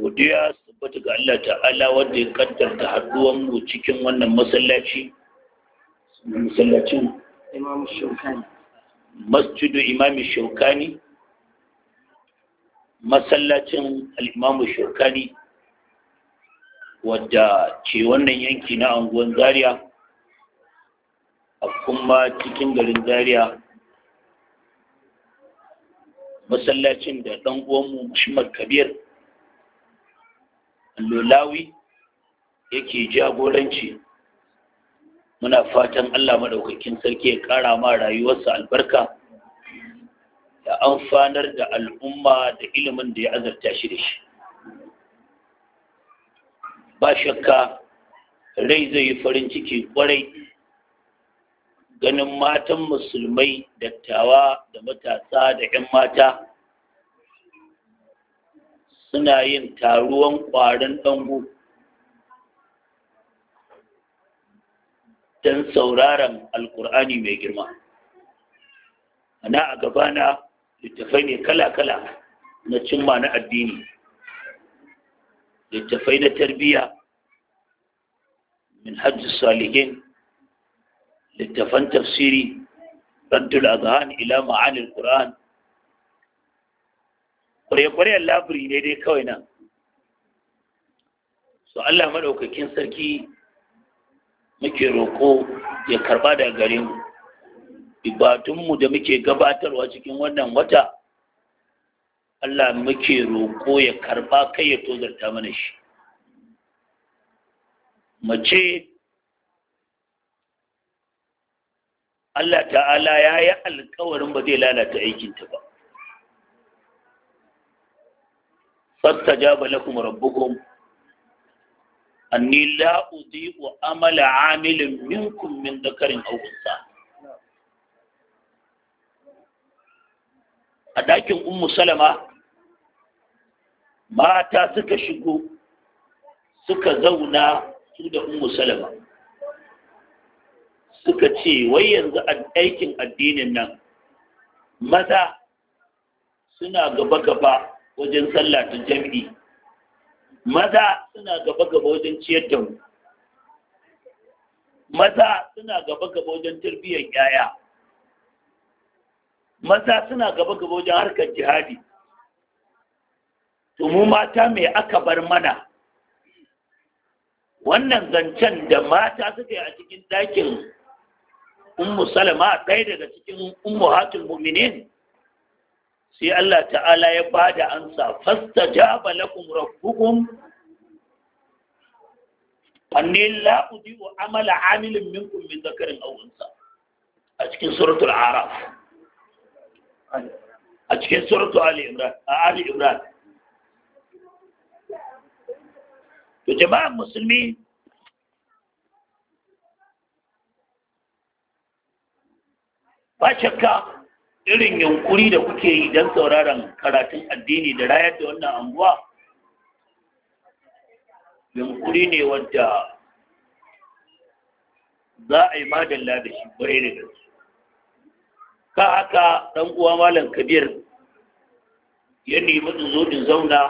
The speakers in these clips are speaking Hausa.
godiya su tabbata ga Allah ta'ala wanda ya kaddarta haduwan mu cikin wannan masallaci masallacin imam shaukani masjidu imam shaukani masallacin al'imamu shaukani wadda ce wannan yanki na anguwan zaria a kuma cikin garin zaria masallacin da ɗan uwanmu Muhammad Kabir Lolawi yake jagoranci muna fatan Allah madaukakin sarki ya ƙara ma rayuwarsa albarka da amfanar da al'umma da ilimin da ya azarta shi da shi ba shakka rai zai yi farin ciki kwarai ganin matan musulmai dattawa da matasa da 'yan mata suna yin taruwan ƙwarin ɗango don sauraron alkur'ani mai girma ana a gabana littafai ne kala-kala na cimma na addini littafai na tarbiyya min hajji salihin littafan tafsiri raddul azhan ila ma'anil qur'an kwarekwariyar labiri ne dai kawai nan so allah maɗaukakin sarki muke roƙo ya karɓa daga gare mu ibatunmu da muke gabatarwa cikin wannan wata allah muke roko ya karɓa kai ya tozarta mana shi mace Allah ta'ala ya yi alkawarin ba zai lalata aikinta ba fasta jaba lakum rabbukum anni la udhi'u amala 'amilin minkum min dhakarin aw a dakin ummu salama mata suka shigo suka zauna su da ummu salama suka ce wai yanzu aikin addinin nan maza suna gaba-gaba wajen sallah ta jam'i maza suna gaba-gaba wajen ciyar da mu maza suna gaba-gaba wajen tarbiyyar yaya maza suna gaba-gaba wajen harkar jihadi to mu mata me aka bar mana wannan zancen da mata suka yi a cikin ɗakin ummu salama ɗaya daga cikin ummuhatul mu'minin sai Allah ta'ala ya bada ansa fastajaba lakum rabbukum anni la'udi udiu amala amilin minkum min dhakarin aw a cikin suratul araf a cikin suratul ali imran ali imran to jama'an musulmi ba shakka irin yankuri da kuke yi don sauraron karatun addini da rayar da wannan anguwa yankuri ne wadda za a yi madalla da shi kwarai da gaske ka haka ɗan uwa malam kabir ya nemi in zo in zauna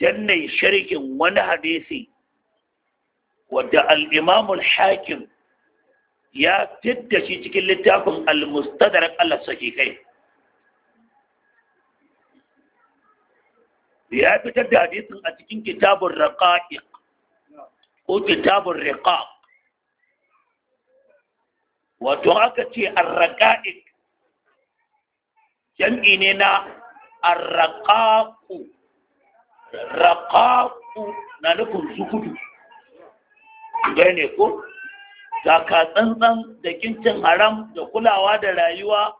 don na yi wani hadisi wadda al'imamul hakim ya fidda shi cikin littafin al-mustadrak Allah sahihai ya fitar da hadisin a cikin kitabun raqa'iq ko kitabun riqaq wato aka ce ar-raqa'iq jam'i ne na ar-raqaqu raqaqu na nufin sukudu gane ko taka tsantsan da kincin haram da kulawa da rayuwa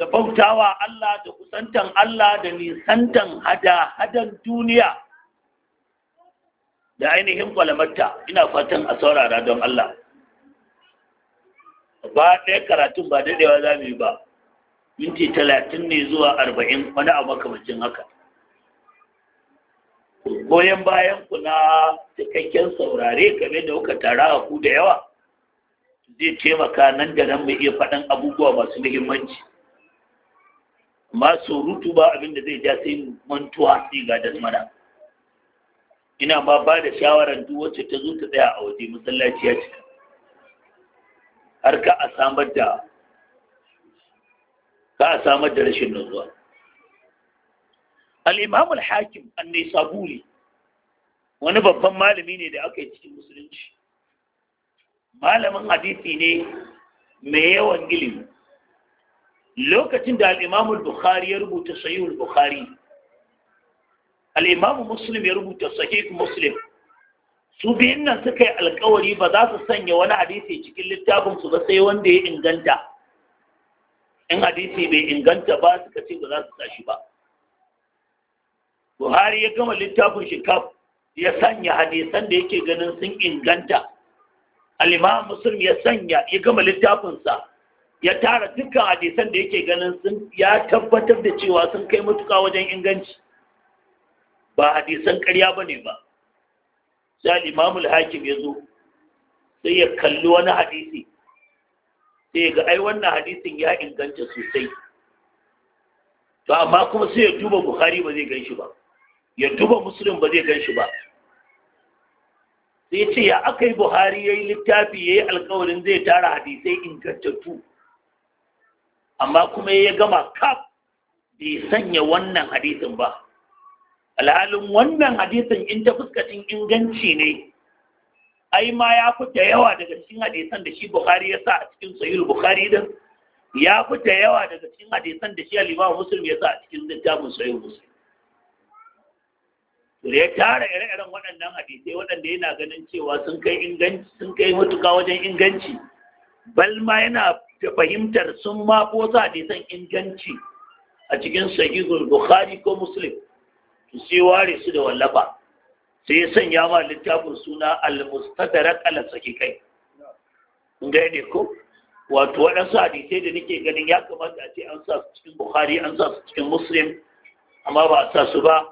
da bautawa Allah da kusantan Allah da nisantan hada-hadan duniya da ainihin kwalamarta ina fatan a saurara don Allah ba ɗaya karatun ba daɗewa za mu yi ba minti talatin ne zuwa arba'in wani abu makamacin haka goyon bayan ku na cikakken saurare game da kuka tara a ku da yawa zai taimaka nan da nan mai iya faɗan abubuwa masu muhimmanci amma surutu ba abinda zai ja sai mantuwa sai ga mana. ina ma ba da shawarar duk wacce ta zo ta tsaya a waje masallaci ya cika har ka a samar da ka a samar da rashin nutsuwa al-imam al-hakim an-nisaburi wani babban malami ne da aka yi cikin musulunci malamin hadisi ne mai yawan ilimi lokacin da al'imamu bukhari ya rubuta sahihul bukhari al'imamu muslim ya rubuta sahih muslim su biyun nan suka yi alkawari ba za su sanya wani hadisi cikin littafin su ba sai wanda ya inganta in hadisi bai inganta ba suka ce ba za su tashi ba buhari ya gama littafin shi kafin ya sanya hadisan da yake ganin sun inganta al'imam muslim ya sanya ya gama littafinsa ya tara dukkan hadisan da yake ganin sun ya tabbatar da cewa sun kai mutuka wajen inganci ba hadisan ƙarya ba ne ba sai Limamul hakim ya zo sai ya kalli wani hadisi sai ga ai wannan hadisin ya inganta sosai to amma kuma sai ya duba bukhari ba zai gan shi ba ya duba musulun ba zai gan shi ba sai ce ya aka yi buhari ya yi littafi ya yi alkawarin zai tara hadisai ingantattu amma kuma ya gama kaf bai sanya wannan hadisin ba alhalin wannan hadisin in ta fuskacin inganci ne ai ma ya fita yawa daga cikin hadisan da shi Buhari ya sa a cikin sahih Buhari din ya fita yawa daga cikin hadisan da shi alimawa imam muslim ya sa a cikin littafin sahih muslim da ya tara ire-iren waɗannan hadisai waɗanda yana ganin cewa sun kai inganci sun kai mutuka wajen inganci Balma yana da fahimtar sun ma wasu hadisan inganci a cikin sahihul bukhari ko muslim to sai ware su da wallafa sai ya sanya ma littafin suna al-mustadrak ala sahihai kun ga ne ko wato waɗansu hadisai da nake ganin ya kamata a ce an sa su cikin bukhari an sa su cikin muslim amma ba a sa su ba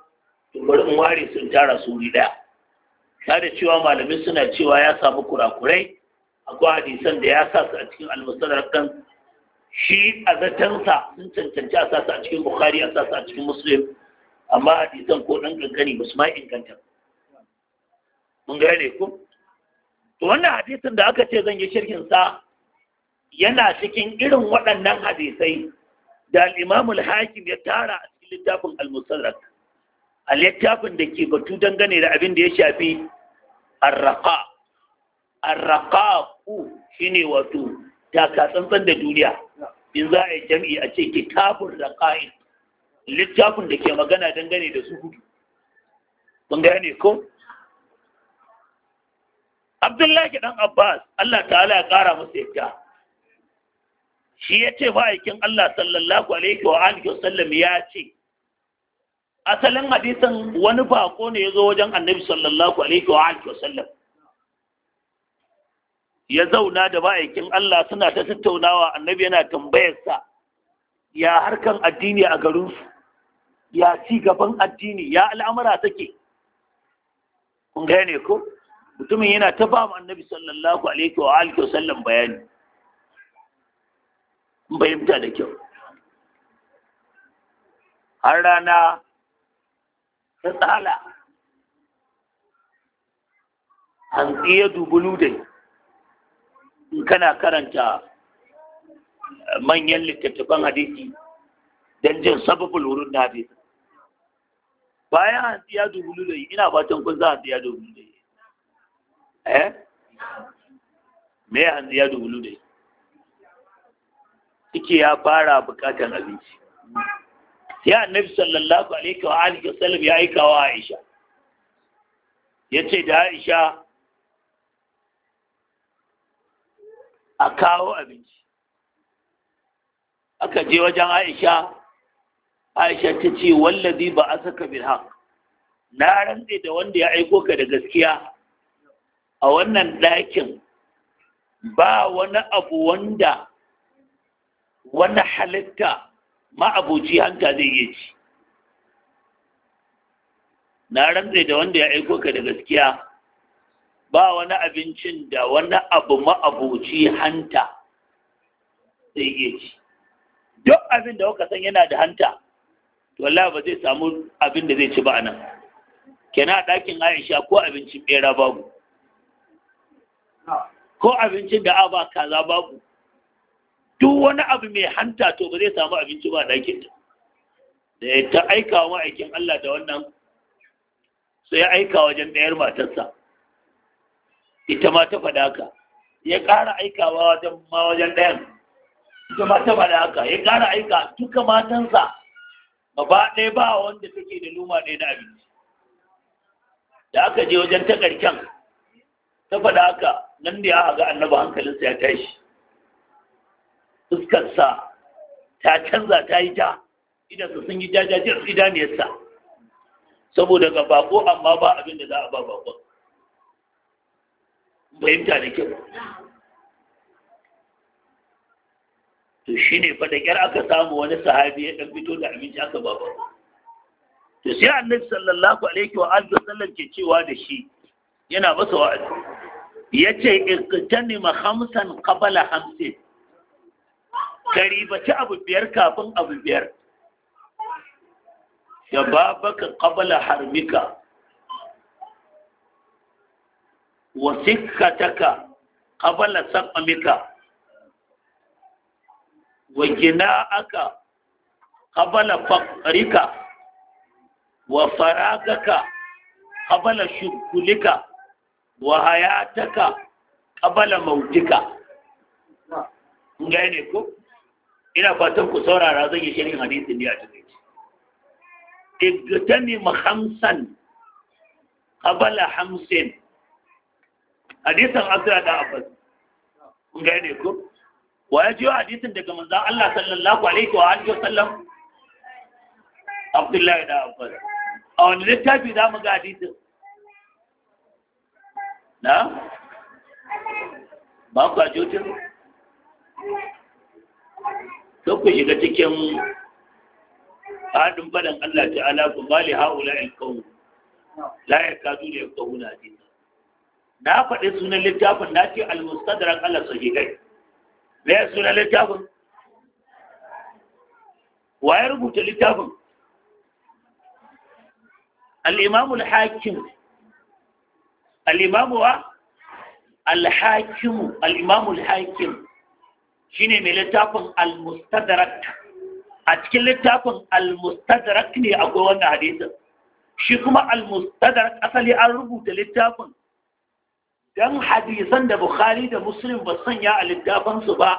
bari in ware sun tara su wuri daya ta da cewa malamai suna cewa ya samu kurakurai akwai hadisan da ya sa su a cikin almusadar kan shi a zatansa sun cancanci a sa su a cikin bukhari a sa su a cikin musulun amma hadisan ko ɗan kankani ba su ma inganta mun gane ku to wannan hadisin da aka ce zan yi shirkin sa yana cikin irin waɗannan hadisai da al hakim ya tara a cikin littafin al a littafin da ke batu dangane da abin da ya shafi ku shi shine wato taka tsantsan da duniya in za a yi jam'i a ce kitabun raka'in littafin da ke magana dangane da su hudu mun gane ko Abdullahi dan Abbas Allah ta'ala ya kara masa yadda shi ya ce ma'aikin Allah sallallahu alaihi wa alihi wa sallam ya ce asalin hadisan, wani bako ne ya zo wajen annabi sallallahu alaihi wa alihi wasallam ya zauna da ba'aikin Allah suna ta tattaunawa annabi yana tambayarsa ya harkan addini a garinsu ya ci gaban addini ya al'amura take kun gane ko mutumin yana ta ba mu annabi sallallahu alaihi wa alihi wasallam bayani bayyanta da kyau har rana tsala an ya dubulu dai in kana karanta eh, manyan littattafan hadisi don jin sababul wurin na hadisi bayan an ya dubulu dai ina fatan kun za a ya dubulu dai eh mai an ya dubulu dai Ike ya fara bukatan abinci ya annabi sallallahu alaihi wa alihi wasallam ya aika wa Aisha yace da Aisha a kawo abinci aka je wajen Aisha Aisha ta ce wallazi ba a saka bil haq na rantse da wanda ya aiko ka da gaskiya a wannan ɗakin ba wani abu wanda wani halitta ma'abuci hanta zai iya ci na rantse da wanda ya aiko ka da gaskiya ba wani abincin da wani abu ma'abuci hanta zai iya ci duk abin da kuka san yana da hanta to wallahi ba zai samu abin da zai ci ba nan Kena ɗakin Aisha ko abincin bera babu ko abincin da aba kaza babu duk wani abu mai hanta to ba zai samu abinci ba dakin ta da ya ta aika wa aikin Allah da wannan sai ya aika wajen ɗayar matarsa ita ma ta faɗa haka ya ƙara aikawa wajen ma wajen ɗayan ita ma ta faɗa haka ya ƙara aika duka matansa ba ɗaya ba wanda take da luma ɗaya na abinci da aka je wajen ta ƙarshen ta faɗa haka nan da ya ga annaba hankalinsa ya tashi fuskarsa ta canza ta yi ja su sun yi jajajin idaniyarsa saboda ga bako amma ba abin da za a ba bakon fahimta da kyau to shi ne fa aka samu wani sahabi ya ɗan fito da abinci aka ba ba to sai annabi sallallahu alaihi wa alihi wasallam ke cewa da shi yana masa wa'azi yace ma khamsan qabla hamsin ka ribaci abu biyar kafin abu biyar ya babaka qabla harbika wa sikkataka qabla sakamika wa gina aka qabla faqrika wa faragaka qabla shukulika, wa hayataka qabla mautika ngai ne ko ina fatan ku saurara zan yi shirin hadisin ne a cikin shi igtani mahamsan qabala hamsin hadisin Abdullah da Abbas kun gane ku? wa ya ji hadisin daga manzo Allah sallallahu alaihi wa alihi wasallam Abdullah da Abbas a wani littafi za mu ga hadisin na ba ku a sai ku shiga cikin haɗin faɗin Allah ta'ala ku bali haula alkawu la ya kazu da ya kawo na hadisa na faɗi sunan littafin na ce al-mustadrak Allah sahihai me ya sunan littafin wa ya rubuta littafin al-imam al-hakim al-imam wa al-hakim al-imam al-hakim shine mai littafin al-mustadrak a cikin littafin al-mustadrak ne akwai wannan hadisin shi kuma al-mustadrak asali an rubuta littafin dan hadisan da bukhari da muslim ba sanya a littafin su ba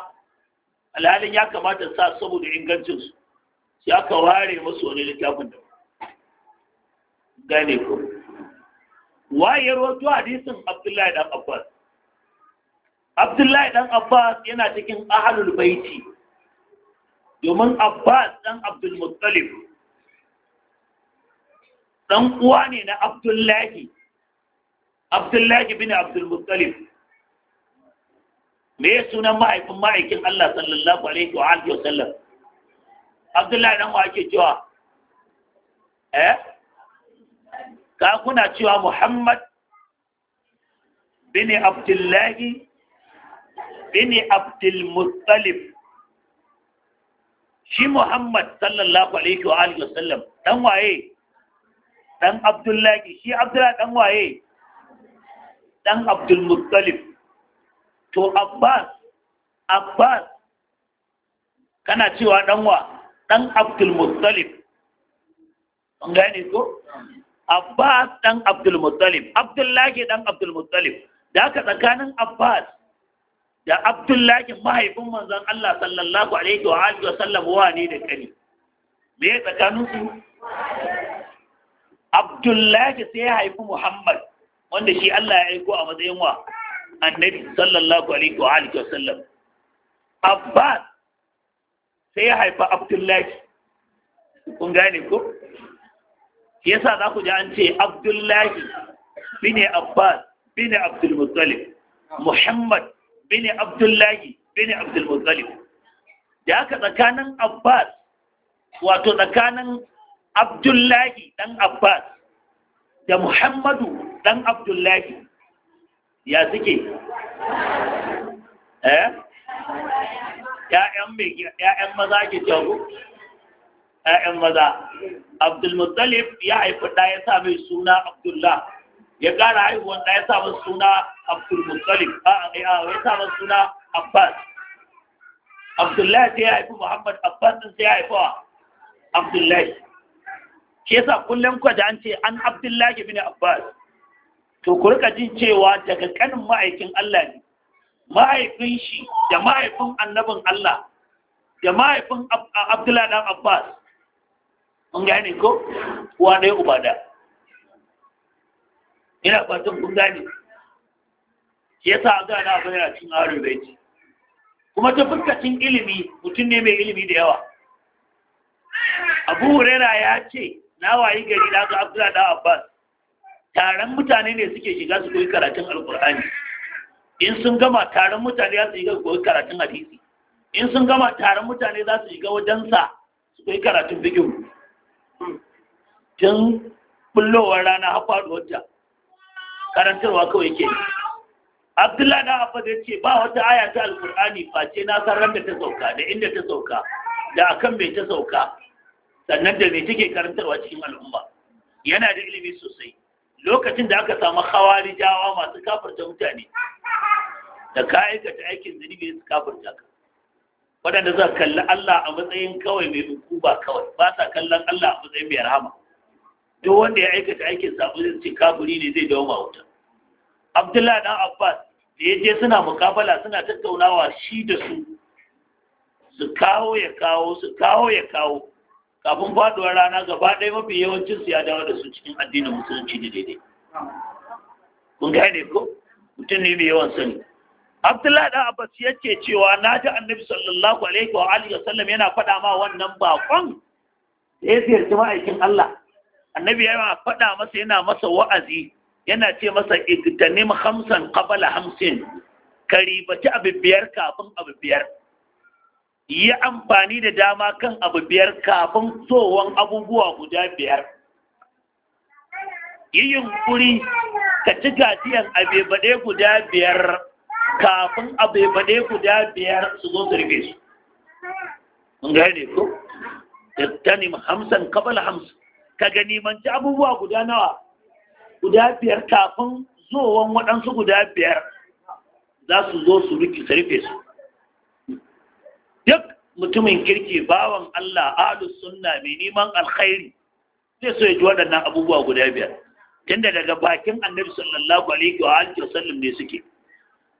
alhalin ya kamata sa saboda ingancin su sai aka ware musu wani littafin da gane ko waye rawato hadisin abdullahi dan abbas abdullahi dan abbas yana cikin ahalul baiti domin abbas dan abdul muttalib dan uwa ne na abdullahi abdullahi bin abdul muttalib me ya sunan mahaifin ma'aikin allah sallallahu alaihi wa alihi wa sallam abdullahi dan wa ake cewa eh ka kuna cewa muhammad bin abdullahi bini abdul muttalib shi muhammad sallallahu alaihi wa alihi wasallam dan waye dan abdullahi shi abdullahi dan waye dan abdul muttalib to abbas abbas kana cewa dan wa dan abdul muttalib an gane ko abbas dan abdul muttalib abdullahi dan abdul muttalib da haka tsakanin abbas da abdullahi mahaifin manzon Allah sallallahu alaihi wa alihi wa sallam wa ne da kani me ya tsakanin su abdullahi sai ya haifi muhammad wanda shi Allah ya aiko a matsayin wa annabi sallallahu alaihi wa alihi wa sallam abbas sai ya haifa abdullahi kun gane ko yasa za ku ji an ce abdullahi bin abbas bin abdul muhammad bin Abdullahi bin Abdul Muttalib da aka tsakanin Abbas wato tsakanin Abdullahi dan Abbas da Muhammadu dan Abdullahi ya suke eh ya'yan me maza ke jago ya'yan maza Abdul Muttalib ya haifi ɗaya ya sa mai suna Abdullah ya ƙara haihuwan ɗaya sabon suna Abdul a eh, ya sabon suna Abbas Abdullahi sai ya haifi Muhammad Abbas din sai ya haifi Abdullahi ke yasa kullum kwa da an ce an Abdullahi bin Abbas to ku rika jin cewa daga kanin ma'aikin Allah ne ma'aikin shi da ma'aikin annabin Allah da ma'aikin Abdullahi dan Abbas an gane ko wa ɗaya uba da ina fatan kun gane ya sa gane abin yana cin harin baiti kuma ta fuskacin ilimi mutum ne mai ilimi da yawa abu hurera ya ce na wayi gari na ga abdullahi da abbas taron mutane ne suke shiga su koyi karatun alkur'ani in sun gama taron mutane za su shiga koyi karatun hadisi in sun gama taron mutane za su shiga wajensa su koyi karatun fikin tun bullowar rana har da ta karantarwa kawai ke abdullahi na abbas ya ce ba wata aya ta alkur'ani face na san da ta sauka da inda ta sauka da akan mai ta sauka sannan da mai take karantarwa cikin al'umma yana da ilimi sosai lokacin da aka samu jawa masu kafarta mutane da ka aikata aikin zunubi su kafarta ka waɗanda za kalli Allah a matsayin kawai mai hukuba kawai ba sa kallon Allah a matsayin mai rahama duk wanda ya aikata aikin sabo zai ce kafiri ne zai dawo wuta abdullahi dan abbas da ya je suna mukabala suna tattaunawa shi da su su kawo ya kawo su kawo ya kawo kafin faduwar rana gaba ɗaya mafi yawancin su ya dawo da su cikin addinin musulunci da daidai kun ne, ko mutum ne mai yawan sani abdullahi dan abbas ya ce cewa na ji annabi sallallahu alaihi wa alihi wasallam yana faɗa ma wannan bakon da ya ziyarci ma'aikin allah annabi yana faɗa masa yana masa wa'azi yana ce masa igtanim hamsin qabala hamsin ka ribaci abu biyar kafin abu biyar yi amfani da dama kan abu biyar kafin tsohon abubuwa guda biyar yi yunkuri ka ci gajiyan abebaɗe guda biyar kafin abebaɗe guda biyar su zo su su. Mun gane ko? Tattanim hamsin kabala hamsin. ka ganimanci abubuwa guda nawa guda biyar kafin zowan waɗansu guda biyar za su zo su rufe su duk mutumin kirki bawan Allah alus sunna mai neman alkhairi zai so ya ji waɗannan abubuwa guda biyar tunda daga bakin annabi sallallahu alaihi wa alihi sallam ne suke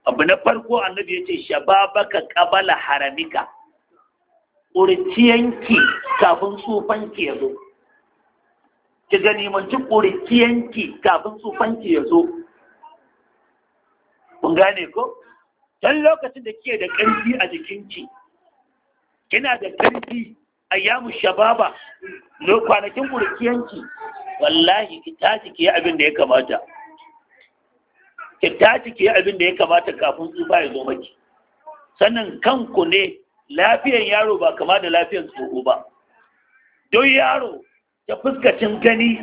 abu na farko annabi ya ce shababaka qabala haramika urciyanki kafin tsufanki ya zo ki ganimanci ƙuriƙiyanki kafin tsufanki ya zo kun gane ko don lokacin da kike da ƙarfi a jikinki kina da ƙarfi a yamu shababa kwanakin ƙuriƙiyanki. wallahi ki tashi ki yi abin da ya kamata ki tashi ki yi abin da ya kamata kafin tsufa ya zo maki sannan kanku ne lafiyan yaro ba kama da lafiyan tsoho ba don yaro da fuskacin gani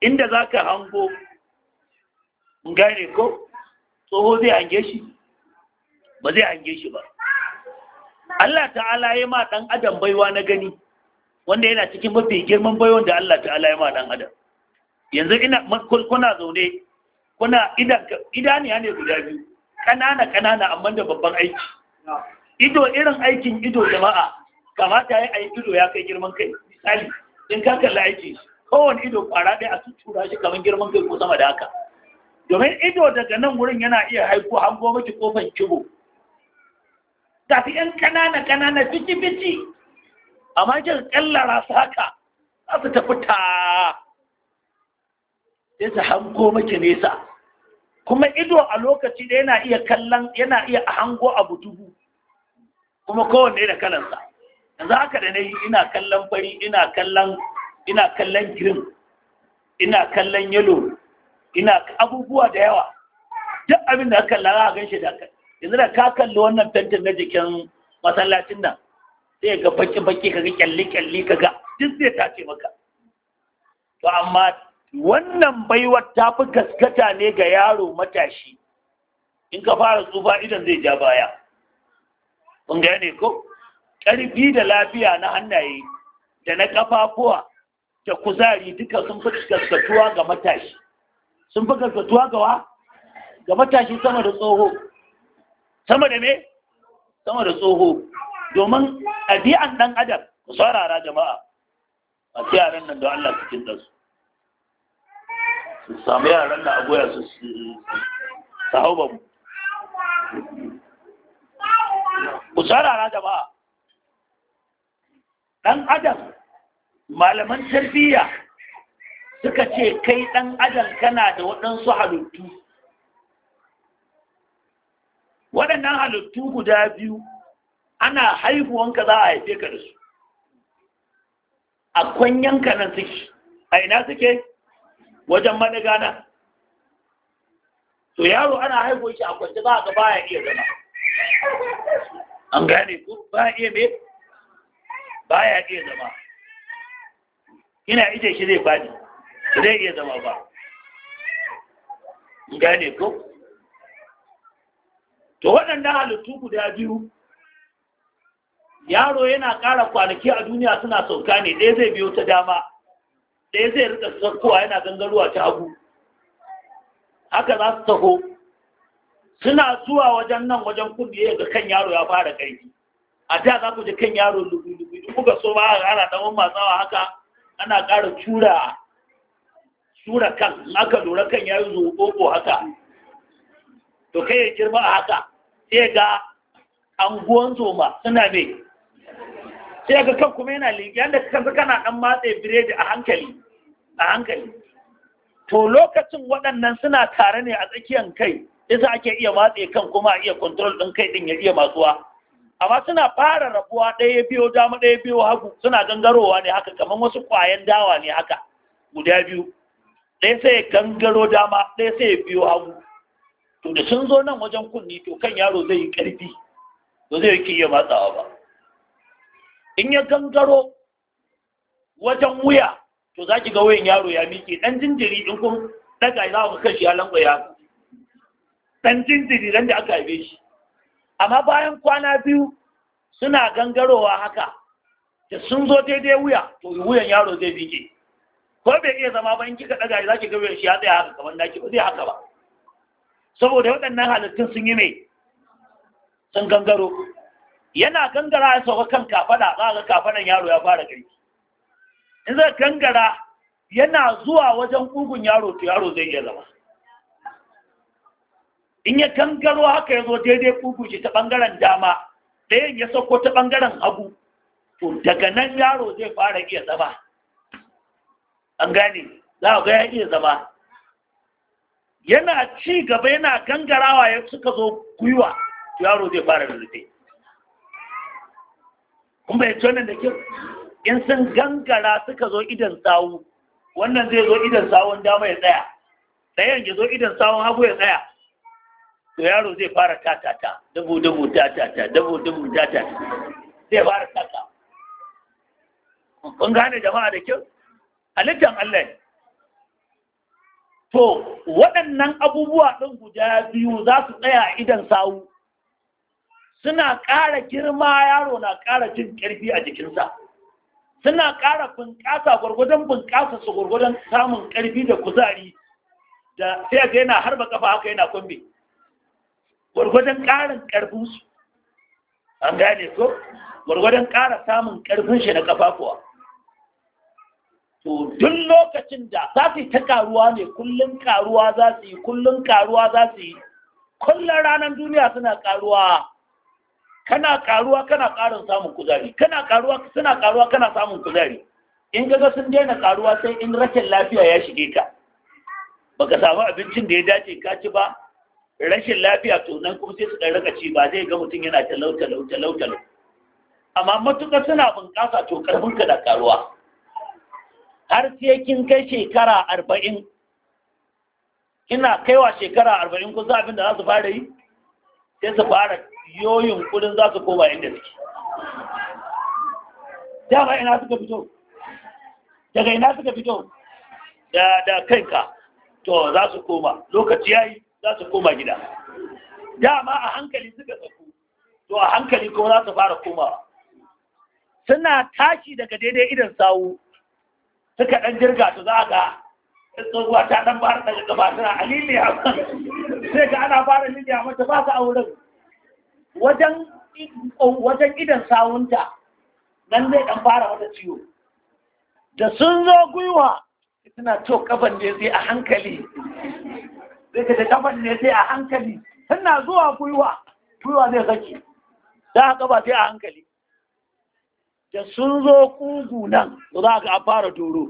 inda za ka hango gane ko tsoho zai hange shi ba zai hange shi ba Allah ta'ala ya ma ɗan adam baiwa na gani wanda yana cikin mafi girman baiwan da Allah ta'ala ya ma ɗan adam yanzu ina kuna zaune kuna ya ne guda biyu ƙanana ƙanana amma da babban aiki ido irin aikin ido jama'a kamata ya yi ido ya kai girman kai misali in ka kalla aiki kowane ido kwara ɗaya a su tura shi kamar girman kai ko sama da haka domin ido daga nan wurin yana iya haiku hango ki kofan kibo tafi yan ƙanana ƙanana fici fici amma jin kallara su haka za su tafi ta sai su hango maki nesa kuma ido a lokaci da yana iya kallon yana iya hango abu dubu kuma kowanne da kalansa yanzu haka da na yi ina kallon fari ina kallon ina kallon ina kallon yalo, ina abubuwa da yawa duk abin da aka lara a ganshi da kai yanzu da ka kalli wannan fentin na jikin masallacin nan sai ga baki baki ka ga kyalli kyalli ka ga duk zai tace maka to amma wannan baiwar ta fi gaskata ne ga yaro matashi in ka fara tsufa idan zai ja baya kun gane ko ƙarfi da lafiya na hannaye da na ƙafafuwa da kuzari duka sun fi gaskatuwa ga matashi sun fi gaskatuwa ga wa ga matashi sama da tsoho sama da me sama da tsoho domin ɗabi'an ɗan adam ku saurara jama'a a ci yaran nan don Allah cikin ɗansu su samu yaran da a goya su sahau ba mu ku saurara jama'a ɗan adam malaman tarbiyya suka ce kai ɗan adam kana da waɗansu halittu waɗannan halittu guda biyu ana haihuwanka za a haife ka da su a kwanyanka nan suke a ina suke wajen madagana to yaro ana haihuwa shi a kwanci za a ga baya iya zama an gane ku ba iya me baya iya zama ina ije shi zai fadi zai iya zama ba gane ko to waɗannan halittu guda biyu yaro yana ƙara kwanaki a duniya suna sauka ne ɗaya zai biyo ta dama ɗaya zai rika saukowa yana gangarowa ta hagu haka za su taho suna zuwa wajen nan wajen kundi ya ga kan yaro ya fara ƙarfi a da za ku ji kan yaro lubu buga so ba ana ɗan matsawa haka ana ƙara cura cura kan aka lura kan ya yi zoɓoɓo haka to kai ya girma a haka sai ga anguwan zoma suna ne sai ga kan kuma yana liƙi yadda kansa kana ɗan matse biredi a hankali a hankali to lokacin waɗannan suna tare ne a tsakiyar kai isa ake iya matse kan kuma iya kontrol ɗin kai ɗin ya iya matsuwa amma suna fara rabuwa ɗaya biyo dama ɗaya biyo hagu suna gangarowa ne haka kamar wasu ƙwayan dawa ne haka guda biyu ɗaya sai ya gangaro dama ɗaya sai ya biyo hagu to da sun zo nan wajen kunni to kan yaro zai yi ƙarfi to zai yi iya matsawa ba in ya gangaro wajen wuya to za ki ga wayan yaro ya miƙe ɗan jinjiri in kun ɗaga za ku kashi ya lankwaya ɗan jinjiri ran da aka haife shi amma bayan kwana biyu suna gangarowa haka da sun zo daidai wuya to wuyan yaro zai bige ko bai iya zama ba in kika daga za ki gabe shi ya tsaya haka kamar naki ba zai haka ba saboda waɗannan halittun sun yi mai sun gangaro yana gangara ya sauka kan kafada za ga kafadan yaro ya fara gari in zai gangara yana zuwa wajen kugun yaro to yaro zai iya zama in ya kankaro haka ya zo daidai kukushi ta ɓangaren dama ɗayan ya sauko ta ɓangaren hagu to daga nan yaro zai fara iya zama an gane za ga ya iya zama yana ci gaba yana gangarawa ya suka zo gwiwa to yaro zai fara rurrufe kuma ya wannan da kyau in sun gangara suka zo idan sawu wannan zai zo idan tsawon dama ya tsaya ɗayan ya zo idan tsawon hagu ya tsaya to yaro zai fara tatata dubu dubu tatata dubu dubu tatata zai fara tata kun gane jama'a da kyau halittar Allah to waɗannan abubuwa ɗin guda biyu za su tsaya idan sawu suna ƙara girma yaro na ƙara jin ƙarfi a jikinsa suna ƙara bunƙasa gwargwadon bunƙasa su gwargwadon samun ƙarfi da kuzari da sai ga yana harba kafa haka yana kwambe gwargwadon ƙarin ƙarfinsu an gane ko gwargwadon ƙara samun ƙarfin shi na ƙafafuwa. to duk lokacin da za su yi ta ƙaruwa ne kullum ƙaruwa za su yi kullum ƙaruwa za su yi kullum ranar duniya suna ƙaruwa. kana ƙaruwa kana ƙarin samun kuzari kana ƙaruwa suna ƙaruwa kana samun kuzari in ga sun daina ƙaruwa sai in rashin lafiya ya shige ka baka samu abincin da ya dace ka ci ba rashin lafiya to nan kuma sai su ɗan raka ci ba zai ga mutum yana talau talau talau talau amma matuƙar suna bunƙasa to ƙarfinka da karuwa har sai kin kai shekara arba'in kina kaiwa shekara arba'in kusa abin da za su fara yi sai su fara yoyin kudin za su koma inda suke dama ina suka fito daga ina suka fito da kanka to za su koma lokaci ya yi za su koma gida dama a hankali suka tsaku to a hankali kuma za su fara komawa suna tashi daga daidai idan sawu suka ɗan jirga su za a ga tsohuwa ta ɗan fara daga gaba tana a liliya sai ga ana fara a mata ba su auren wajen wajen idan sawunta nan zai ɗan fara wata ciwo da sun zo gwiwa suna to kafan da zai a hankali zai da taban ne sai a hankali suna zuwa kuiwa kuiwa zai zaki za a gaba sai a hankali da sun zo kugu nan za ka fara doro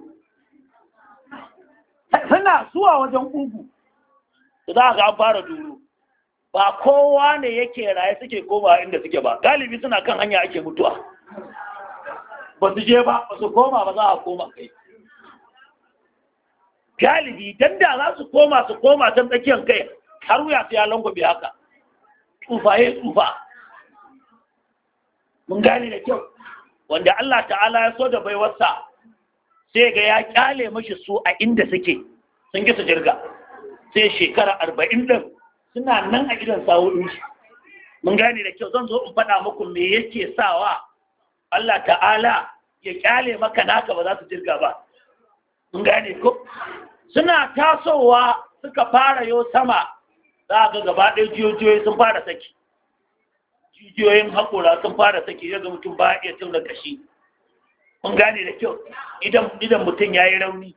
Suna zuwa wajen kugu za ka fara doro ba kowa ne yake raye suke koma inda suke ba galibi suna kan hanya ake mutuwa ba su je ba ba su koma ba za a koma kai galibi dan da za su koma su koma can tsakiyar kai har wuya su ya langwabe haka tsufa ya eh, tsufa mun gane da kyau wanda Allah ta'ala ya so da baiwarsa sai ga ya kyale mashi su a inda suke sun gisa jirga sai shekara arba'in ɗin suna nan a gidan sa'o'in shi mun gane da kyau zan zo in faɗa muku me yake sawa Allah ta'ala ya kyale maka naka ba za su jirga ba mun gane ko suna tasowa suka fara yau sama za ga gaba ɗaya jijiyoyi sun fara saki jijiyoyin haƙura sun fara saki ya ga mutum ba iya cin da kashi kun gane da kyau idan mutum ya yi rauni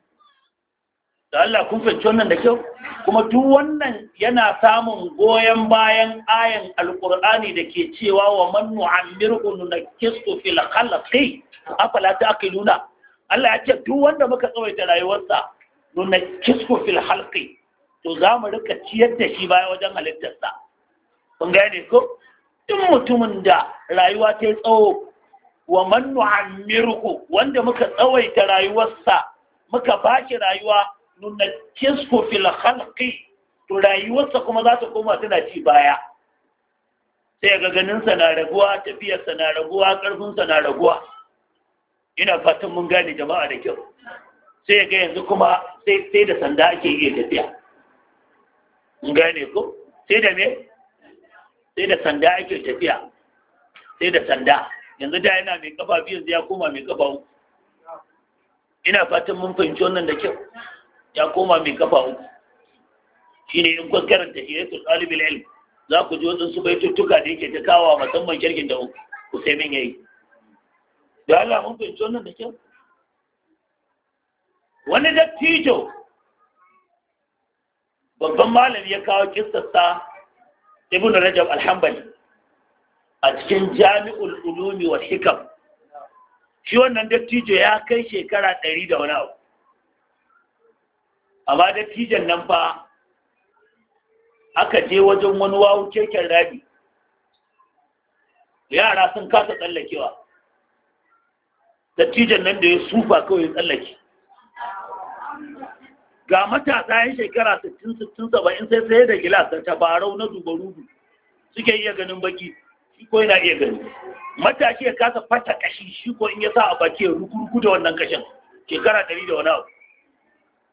da Allah kun fahimci wannan da kyau kuma duk wannan yana samun goyon bayan ayan alkur'ani da ke cewa wa man nu'ammirhu nunakkisu fil khalqi afala ta'qiluna Allah ya ce duk wanda muka tsawaita rayuwarsa nuna kisko fil halki to za mu rika ciyar da shi baya wajen halittarsa kun gane ko duk mutumin da rayuwa ta yi tsawo wa man wanda muka tsawaita rayuwarsa muka ba shi rayuwa nuna kisko fil halki to rayuwarsa kuma za ta koma tana ci baya sai ga ganinsa na raguwa tafiyarsa na raguwa ƙarfinsa na raguwa ina fatan mun gane jama'a da kyau sai ga yanzu kuma sai da sanda ake iya tafiya gane ko sai da me sai da sanda ake tafiya sai da sanda yanzu da yana mai kafa biyu ya koma mai kafa uku ina fatan mun fahimci wannan da kyau ya koma mai kafa uku ne in kwan karanta hiyatul ɗalibin ilm za ku ji wasu tuttuka da yake ta kawo musamman kirkin da Ku sai min yayi da Allah mun fahimci wannan da kyau wani dattijo babban malami ya kawo kistasta ibn rajab alhambali a cikin jami'ul ulumi wal hikam shi wannan dattijo ya kai shekara ɗari da wani abu amma dattijon nan fa aka je wajen wani wawu keken rabi yara sun kasa tsallakewa dattijon nan da ya sufa kawai tsallake ga matasa yan shekara 60 70 sai sai da gilas da tabarau na dubarudu suke iya ganin baki shi ko yana iya gani matashi ya kasa fata kashi shi ko in ya sa a baki rukuruku da wannan kashin shekara 100 da wani abu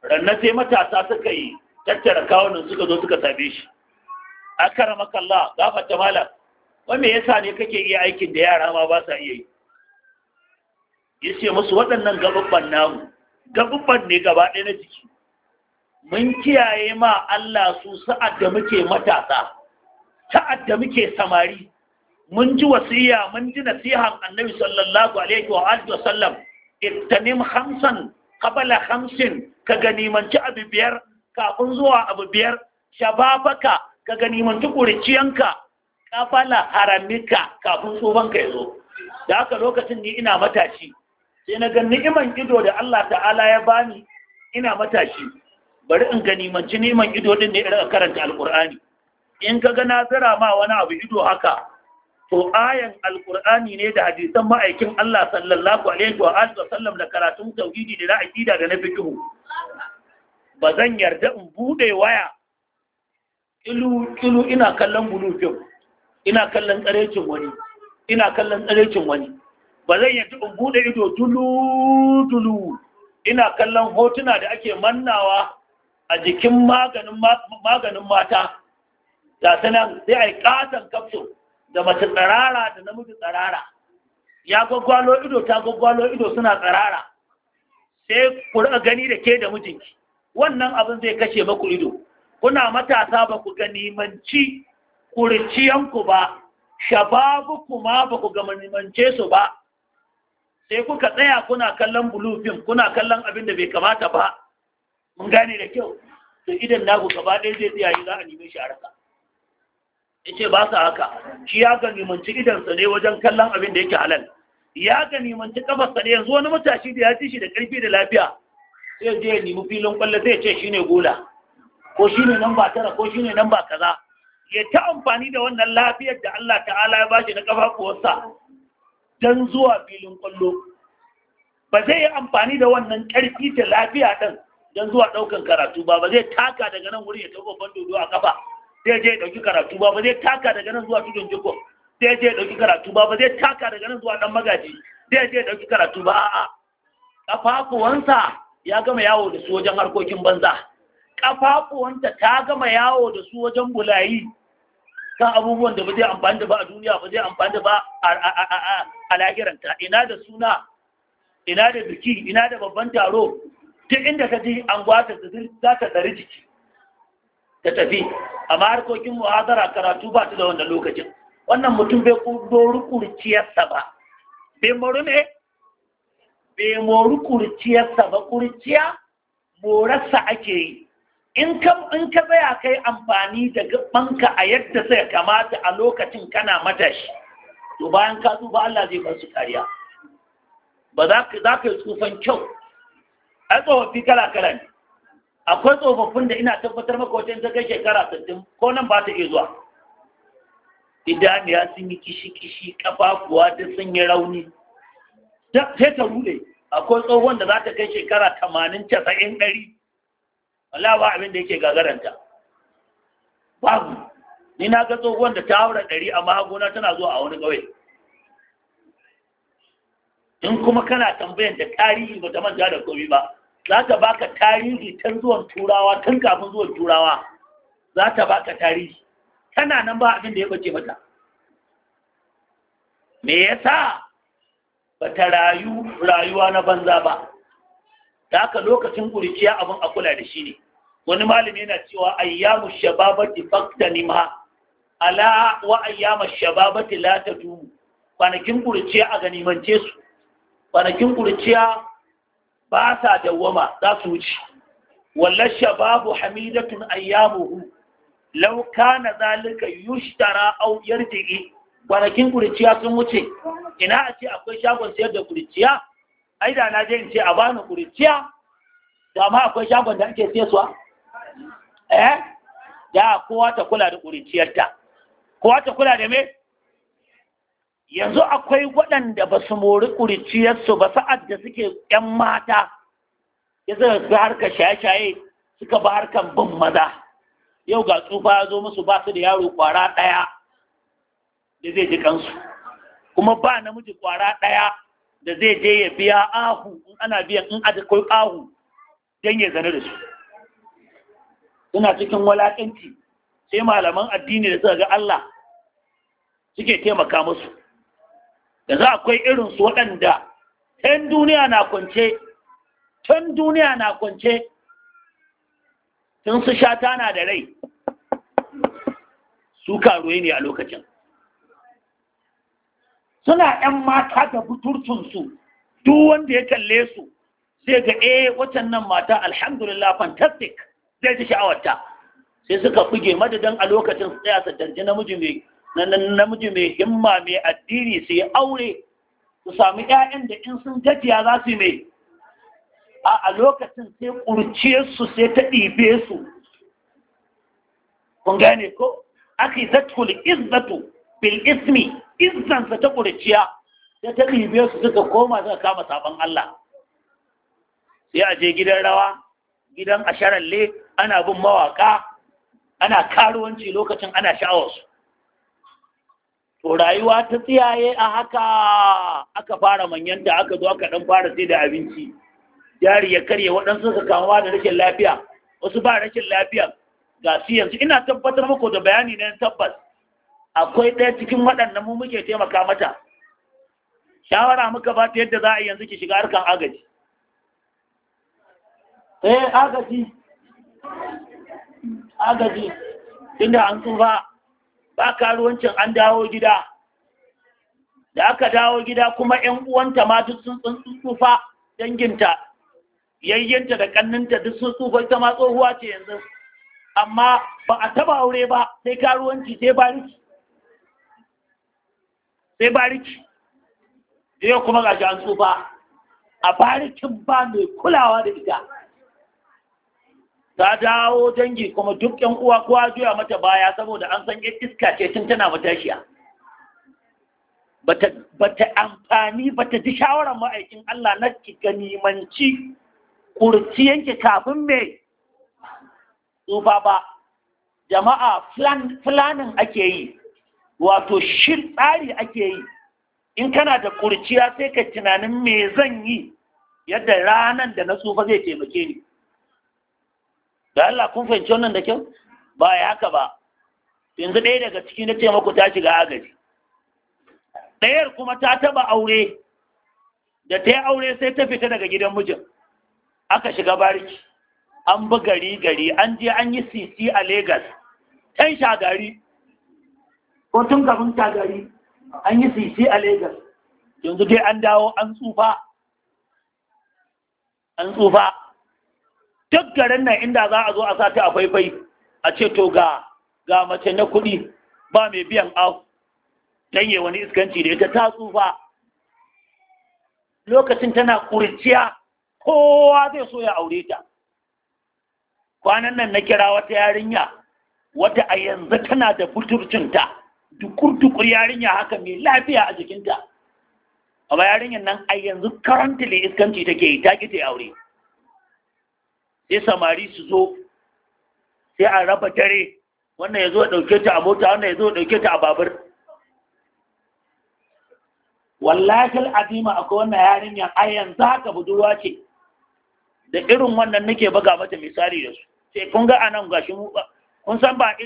rannan sai matasa suka yi tattara kawunan suka zo suka same shi a makalla gafa gafata malam wanda ya sa ne kake iya aikin da yara ma ba sa iya yi ya ce musu waɗannan gababban namu gababban ne gaba ɗaya na jiki mun kiyaye ma Allah su sa'ad da muke matasa sa'ad da muke samari mun ji wasiya mun ji nasihan annabi sallallahu alaihi wa sallam. wasallam ittanim khamsan kabala hamsin, ka ganimanci abu biyar kafin zuwa abu biyar shababaka ka ganimanci kuriciyanka kabala haramika kafin tsofanka ya zo da haka lokacin ni ina matashi sai na ga ni'iman ido da Allah ta'ala ya bani ina matashi bari in ganimanci neman ido din ne irin karanta alkur'ani in ka ga nazara ma wani abu ido haka to ayan alkur'ani ne da hadisan ma'aikin Allah sallallahu alaihi wa alihi wa sallam da karatun tauhidi da na aqida da na fiqh ba zan yarda in bude waya ilu kilu ina kallon bulufin ina kallon tsarecin wani ina kallon tsarecin wani ba zan yarda in bude ido tulu tulu ina kallon hotuna da ake mannawa a jikin maganin mata ga sanan sai a yi katon kapsul da mace tsarara da namiji tsarara ya gwagwalo ido ta gwagwalo ido suna tsarara sai ku gani da ke da mijinki wannan abin zai kashe maku ido kuna matasa ba ku ganimanci yanku ba shababu kuma ba ku ganimance su ba sai kuka tsaya kuna kallon bulufin kuna kallon abin da bai kamata ba mun gane da kyau Da idan naku gaba ɗaya zai yi za a nime shi a raka ya ce ba sa haka shi ya ga nimanci idansa ne wajen kallon abin da yake halal ya ga nimanci kafarsa ne yanzu wani matashi da ya ci shi da ƙarfi da lafiya sai je ya nemi filin kwallo zai ce shi ne gola ko shi ne nan ba tara ko shi ne nan ba kaza ya ta amfani da wannan lafiyar da Allah ta'ala ya bashi na kafafuwarsa don zuwa filin kwallo ba zai yi amfani da wannan ƙarfi da lafiya ɗin don zuwa ɗaukan karatu ba ba zai taka daga nan wurin ya tafi babban dodo a kafa sai je ɗauki karatu ba ba zai taka daga nan zuwa tudun jiko sai je ɗauki karatu ba ba zai taka daga nan zuwa ɗan magaji sai je ɗauki karatu ba a'a kafafuwansa ya gama yawo da su wajen harkokin banza kafafuwanta ta gama yawo da su wajen bulayi kan abubuwan da ba zai amfani da ba a duniya ba zai amfani da ba a lahiranta ina da suna ina da biki ina da babban taro duk inda ta ji an gwata za ta tsari jiki ta tafi amma harkokin muhazara karatu ba ta da wanda lokacin wannan mutum bai kudo kurciyarsa ba bai moru ne bai moru kurciyarsa ba kurciya morarsa ake yi in ka in ka kai amfani da gabanka a yadda sai kamata a lokacin kana matashi to bayan ka tsufa Allah zai bar su kariya ba za ka yi tsufan kyau ai tsofaffi kala kala ne akwai tsofaffin da ina tabbatar maka wajen ta kai shekara sittin ko nan ba ta iya zuwa idaniya sun yi kishi kishi kafafuwa da sun yi rauni sai ta rude akwai tsohon da za ta kai shekara tamanin casa'in ɗari Allah ba abin da yake gagaranta babu ni na ga tsohon da ta haura ɗari amma gona tana zuwa a wani ƙauye in kuma kana tambayan da tarihi ba ta manta da komi ba za ta baka tarihi tun zuwan turawa tun kafin zuwan turawa za ta baka tarihi tana nan ba abin da ya bace mata me yasa ba ta rayu rayuwa na banza ba ta ka lokacin kurciya abin a kula da shi ne wani malami yana cewa ayyamu shababati faktani ma ala wa ayyamu shababati la tatumu kwanakin kurciya a ganimance su kwanakin kurciya ba sa dawwama za su wuce wallar shababu hamidatun ayyamuhu law kana zalika yushtara aw yarji'i kwanakin kuriciya sun wuce ina a ce akwai shagon sayar da kuriciya ai da na je in ce a bani kuriciya da ma akwai shagon da ake sayarwa eh da kowa ta kula da kuriciyarta kowa ta kula da me yanzu akwai waɗanda ba su mori ƙuriciyarsu ba sa'ad da suke ‘yan mata ya zai harka shaye-shaye suka ba harkar bin maza yau ga tsufa ya zo musu ba su da yaro ƙwara ɗaya da zai ji kansu kuma ba namiji kwara ɗaya da zai je ya biya ahu in ana biyan in kai ahu don ya zane da su suna cikin walaƙanci sai malaman addini da suka ga Allah suke taimaka musu yanzu akwai irin su waɗanda ‘yan duniya na kwance tun duniya na kwance tun su sha tana da rai su karuwe ne a lokacin suna ‘yan mata da buturtunsu duk wanda ya kalle su sai ga e eh, watan nan mata alhamdulillah fantastic zai ji sha'awarta sai suka fuge madadin a lokacin tsaya su tarji namiji mai na namiji mai himma mai addini su yi aure su sami ‘ya'yan da in sun gajiya za su mai a lokacin sai ƙurciyar su sai ta ɗibe su kun gane ko ake zatkul izzatu bil ismi izzansa ta ƙurciya sai ta ɗibe su suka koma suka kama sabon Allah sai a je gidan rawa gidan asharalle ana bin mawaka ana karuwanci lokacin ana sha'awarsu to rayuwa ta tsiyaye a haka aka fara manyanta aka zo aka dan fara sai da abinci jari ya karye waɗansu suka kama da rashin lafiya wasu ba rashin lafiya ga su yanzu ina tabbatar muku da bayani na tabbas akwai ɗaya cikin waɗannan mu muke taimaka mata shawara muka ba ta yadda za a yanzu ki shiga harkan agaji eh agaji agaji tunda an tsufa ba ruwancin an dawo gida da aka dawo gida kuma 'yan uwanta ma duk sun tsufa danginta yayyanta da kanninta duk sun tsufa ita ma tsohuwa ce yanzu amma ba a taba aure ba sai karuwanci sai bariki sai bariki yau kuma gashi an tsufa a barikin ba mai kulawa da ita ta dawo dangi kuma duk yan uwa kowa juya mata baya saboda an san ƴan iska ce tun tana matashiya bata bata amfani bata ji shawarar ma'aikin Allah na ki ganimanci yanke kafin me tsufa ba jama'a fulanin ake yi wato shir tsari ake yi in kana da kurciya sai ka tunanin me zan yi yadda ranar da na tsufa zai taimake ni da Allah kun fahimci wannan da kyau ba ya haka ba yanzu ɗaya daga ciki na ce maku ta shiga agaji ɗayar kuma ta taba aure da ta yi aure sai ta fita daga gidan mijin aka shiga bariki an bi gari gari an je an yi sisi a Legas ɗan shagari ko tun gaban shagari an yi sisi a Legas yanzu dai an dawo an tsufa an tsufa duk garin nan inda za a zo a sata a faifai a ce to ga ga mace na kuɗi ba mai biyan au don yi wani iskanci da ita ta tsufa lokacin tana kurciya kowa zai so ya aure ta kwanan nan na kira wata yarinya wata a yanzu tana da buturcinta dukur-dukur yarinya haka mai lafiya a jikinta amma yarinyar nan a yanzu da iskanci take yi ta gita aure sai samari su zo sai a raba dare wannan ya zo ɗauke ta a mota wannan ya zo ɗauke ta a babur wallahi azima akwai wannan yarinyar a za haka budurwa ce da irin wannan nake buga mata misali da su sai kun ga anan gashi mu kun san ba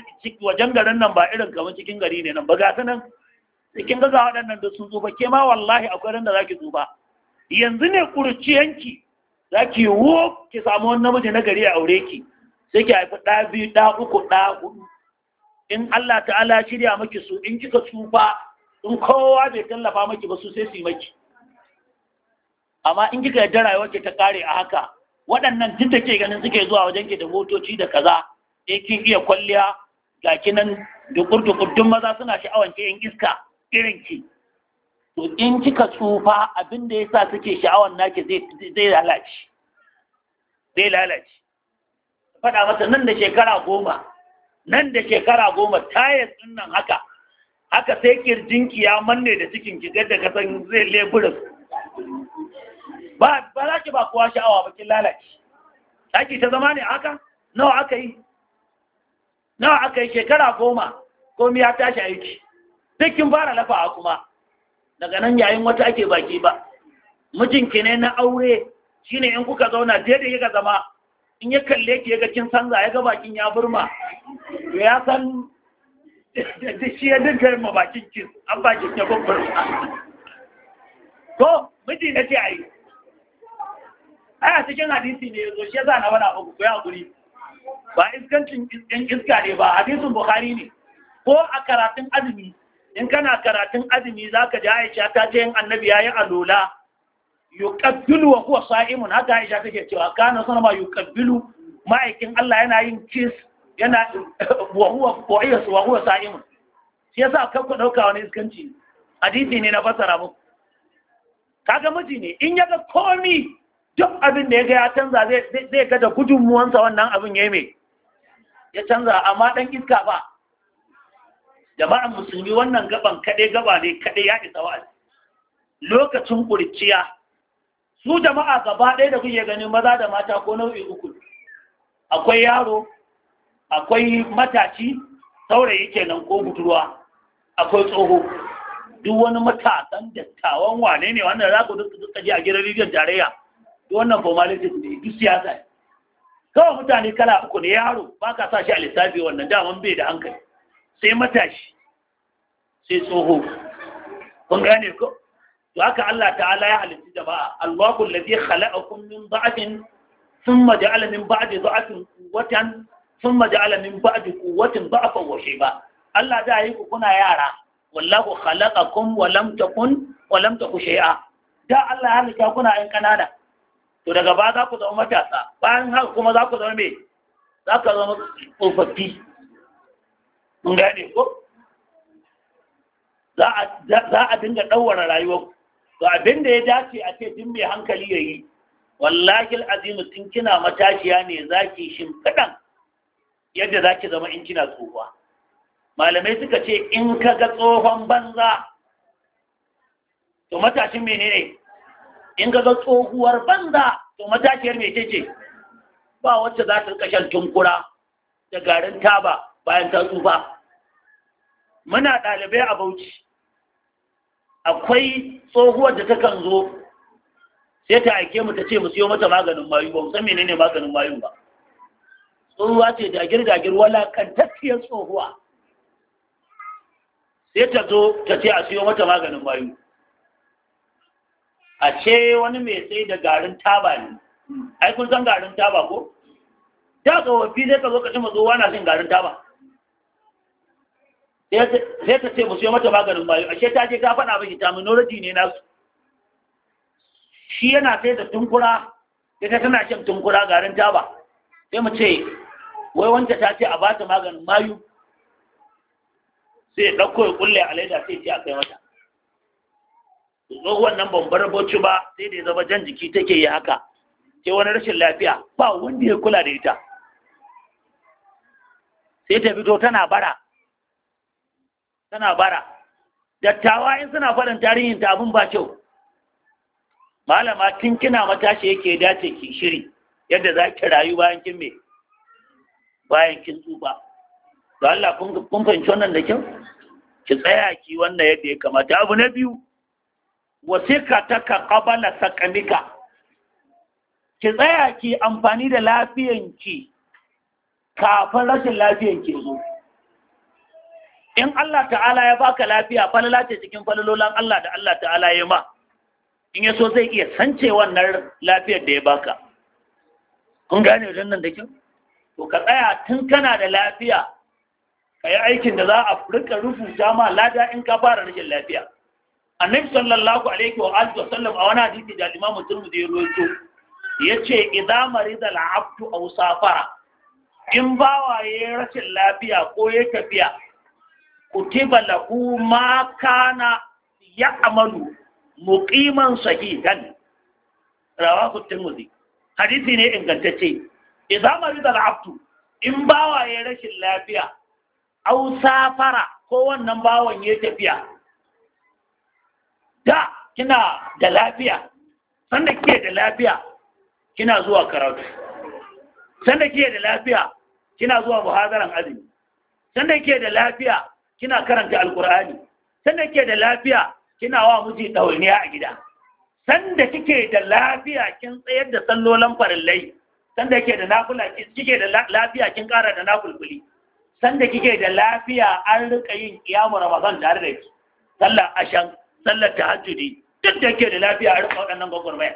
wajen garin nan ba irin kamar cikin gari ne nan ba ga sanan cikin gaza waɗannan da sun ba ke ma wallahi akwai ran da zo ba yanzu ne kurciyanki za ki wo ki samu wani namiji na gari a aure ki sai ki haifi ɗa biyu ɗa uku ɗa huɗu in Allah ta'ala shirya maki su in kika tsufa in kowa bai tallafa maki ba su sai su yi maki amma in kika yadda rayuwar ki ta kare a haka waɗannan tun ta ke ganin suke zuwa wajen ki da motoci da kaza In kin iya kwalliya ga kinan dukur dukur duk maza suna sha'awan ki yan iska irin ki to in kika tsufa abin da sa suke sha'awar naki zai lalace zai lalace faɗa masa nan da shekara goma nan da shekara goma tayar ɗin nan haka haka sai kirjinki ya manne da cikin ki da ka san zai leburin ba ba za ki ba kowa sha'awa ba kin lalace Ɗaki ta zama ne haka nawa aka yi nawa aka yi shekara goma komi ya tashi aiki duk kin fara lafawa kuma daga nan yayin wata ake baki ba mijinki ne na aure shine in kuka zauna daidai ga zama in ya kalle ki ga kin sanza ya ga bakin ya burma to ya san da shi ya dinka yin bakin ki an bakin ya babbar ko miji na ce ayi ai a cikin hadisi ne yazo shi yasa na wani abu ko ya guri ba iskancin iska ne ba hadisin bukhari ne ko a karatun azumi in kana karatun azumi za ka ji Aisha ta ce in annabi yayi alola Yuƙabbilu wa kuwa sa'imun haka Aisha take cewa kana sanama yuqabbilu ma'aikin Allah yana yin kis, yana wa kuwa sa'imun shi yasa kan ku ɗauka wani iskanci hadisi ne na fasara muku kaga miji ne in yaga komi duk abin da ga ya canza zai zai ga da gudunmuwansa wannan abin ya yi mai, ya canza amma ɗan iska ba jama'an musulmi wannan gaban kaɗai gaba ne kaɗai ya isa lokacin ƙurciya su jama'a gaba ɗaya da kuke ganin maza da mata ko nau'i uku akwai yaro akwai matashi saurayi kenan ko budurwa akwai tsoho duk wani matasan dattawan wane ne wannan za ku duka ji a gidan rijiyar tarayya duk wannan formalities ne duk siyasa ne kawai mutane kala uku ne yaro ba ka sa shi a lissafi wannan daman bai da hankali sai matashi sai tsoho kun gane ko to haka Allah ta'ala ya halitta jama'a Allahu allazi khalaqakum min da'atin thumma ja'ala min ba'di da'atin quwwatan thumma ja'ala min ba'di quwwatin da'afan wa shayba Allah da yi ku kuna yara wallahu khalaqakum wa lam takun wa lam taku shay'a da Allah ya halitta kuna ƴan kanana to daga ba za ku zama matasa bayan haka kuma za ku zama me za ka zama tsofaffi mun gane ko za a dinga ɗauwar rayuwar to abinda ya dace a ce jin mai hankali ya yi wallahi azimu tun kina matashiya ne za ki shimfiɗan yadda za ki zama in kina tsohuwa malamai suka ce in ka ga tsohon banza to matashin menene in ka ga tsohuwar banza to matashiyar mai ce ba wacce za ta rika shan tunkura da garin taba bayan ta tsufa muna ɗalibai a bauchi akwai tsohuwar da ta kan zo sai ta aike mu ta ce mu siyo mata maganin mayu ba mu san ne maganin mayu ba tsohuwa ce dagir dagir wala kantakkiyar tsohuwa sai ta zo ta ce a siyo mata maganin mayu a ce wani mai sai da garin taba ne ai kun san garin taba ko ta tsofaffi zai ka zo ka ci mazo wana cin garin taba sai ta ce mu sai mata maganin bayo ashe ta je ta faɗa ba terminology ne nasu shi yana sai da tunkura ta tana shan tunkura garin taba sai mu ce wai wanda ta ce a ba ta maganin mayu sai ɗauko ya kulle a laida sai ce a kai mata tsohuwan nan ban bar bauchi ba sai da ya zama jan jiki take yi haka ke wani rashin lafiya ba wanda ya kula da ita sai ta fito tana bara tana bara dattawa in suna farin tarihin ta abin ba kyau malama tun kina matashi yake dace ki shiri yadda za ki rayu bayan kin me bayan kin tsufa to Allah kun kun fahimci wannan da kyau ki tsaya ki wannan yadda ya kamata abu na biyu wasika ta ka qabala sakamika ki tsaya ki amfani da lafiyanki kafin rashin lafiyanki zo in Allah ta'ala ya baka lafiya falala ce cikin falalolan Allah da Allah ta'ala ya ma in ya so zai iya sance wannan lafiyar da ya baka kun gane wajen nan da kyau to ka tsaya tun kana da lafiya ka yi aikin da za a rika rubuta ma lada in ka fara rashin lafiya annabi sallallahu alaihi wa alihi wa sallam a wani hadisi da imamu turmudi ya rawaito yace idza marida al-abdu aw safara in bawa ya rashin lafiya ko ya tafiya kutiba lahu ma kana ya'malu muqiman sahihan rawahu tirmidhi hadisi ne ingantacce idza marida al-abdu in bawa ya rashin lafiya aw safara ko wannan bawan ya tafiya da kina da lafiya sanda kike da lafiya kina zuwa karatu sanda kike da lafiya kina zuwa muhadaran azumi sanda kike da lafiya kina karanta alkur'ani sanda kike da lafiya kina wa miji dauniya a gida sanda kike da lafiya kin tsayar da sallolan farillai sanda kike da nafula kike da lafiya kin ƙara da nafulfuli sanda kike da lafiya an rika yin kiyamu ramadan tare da ki sallar ashan sallar tahajjudi duk da kike da lafiya a rika waɗannan gwagwarmaya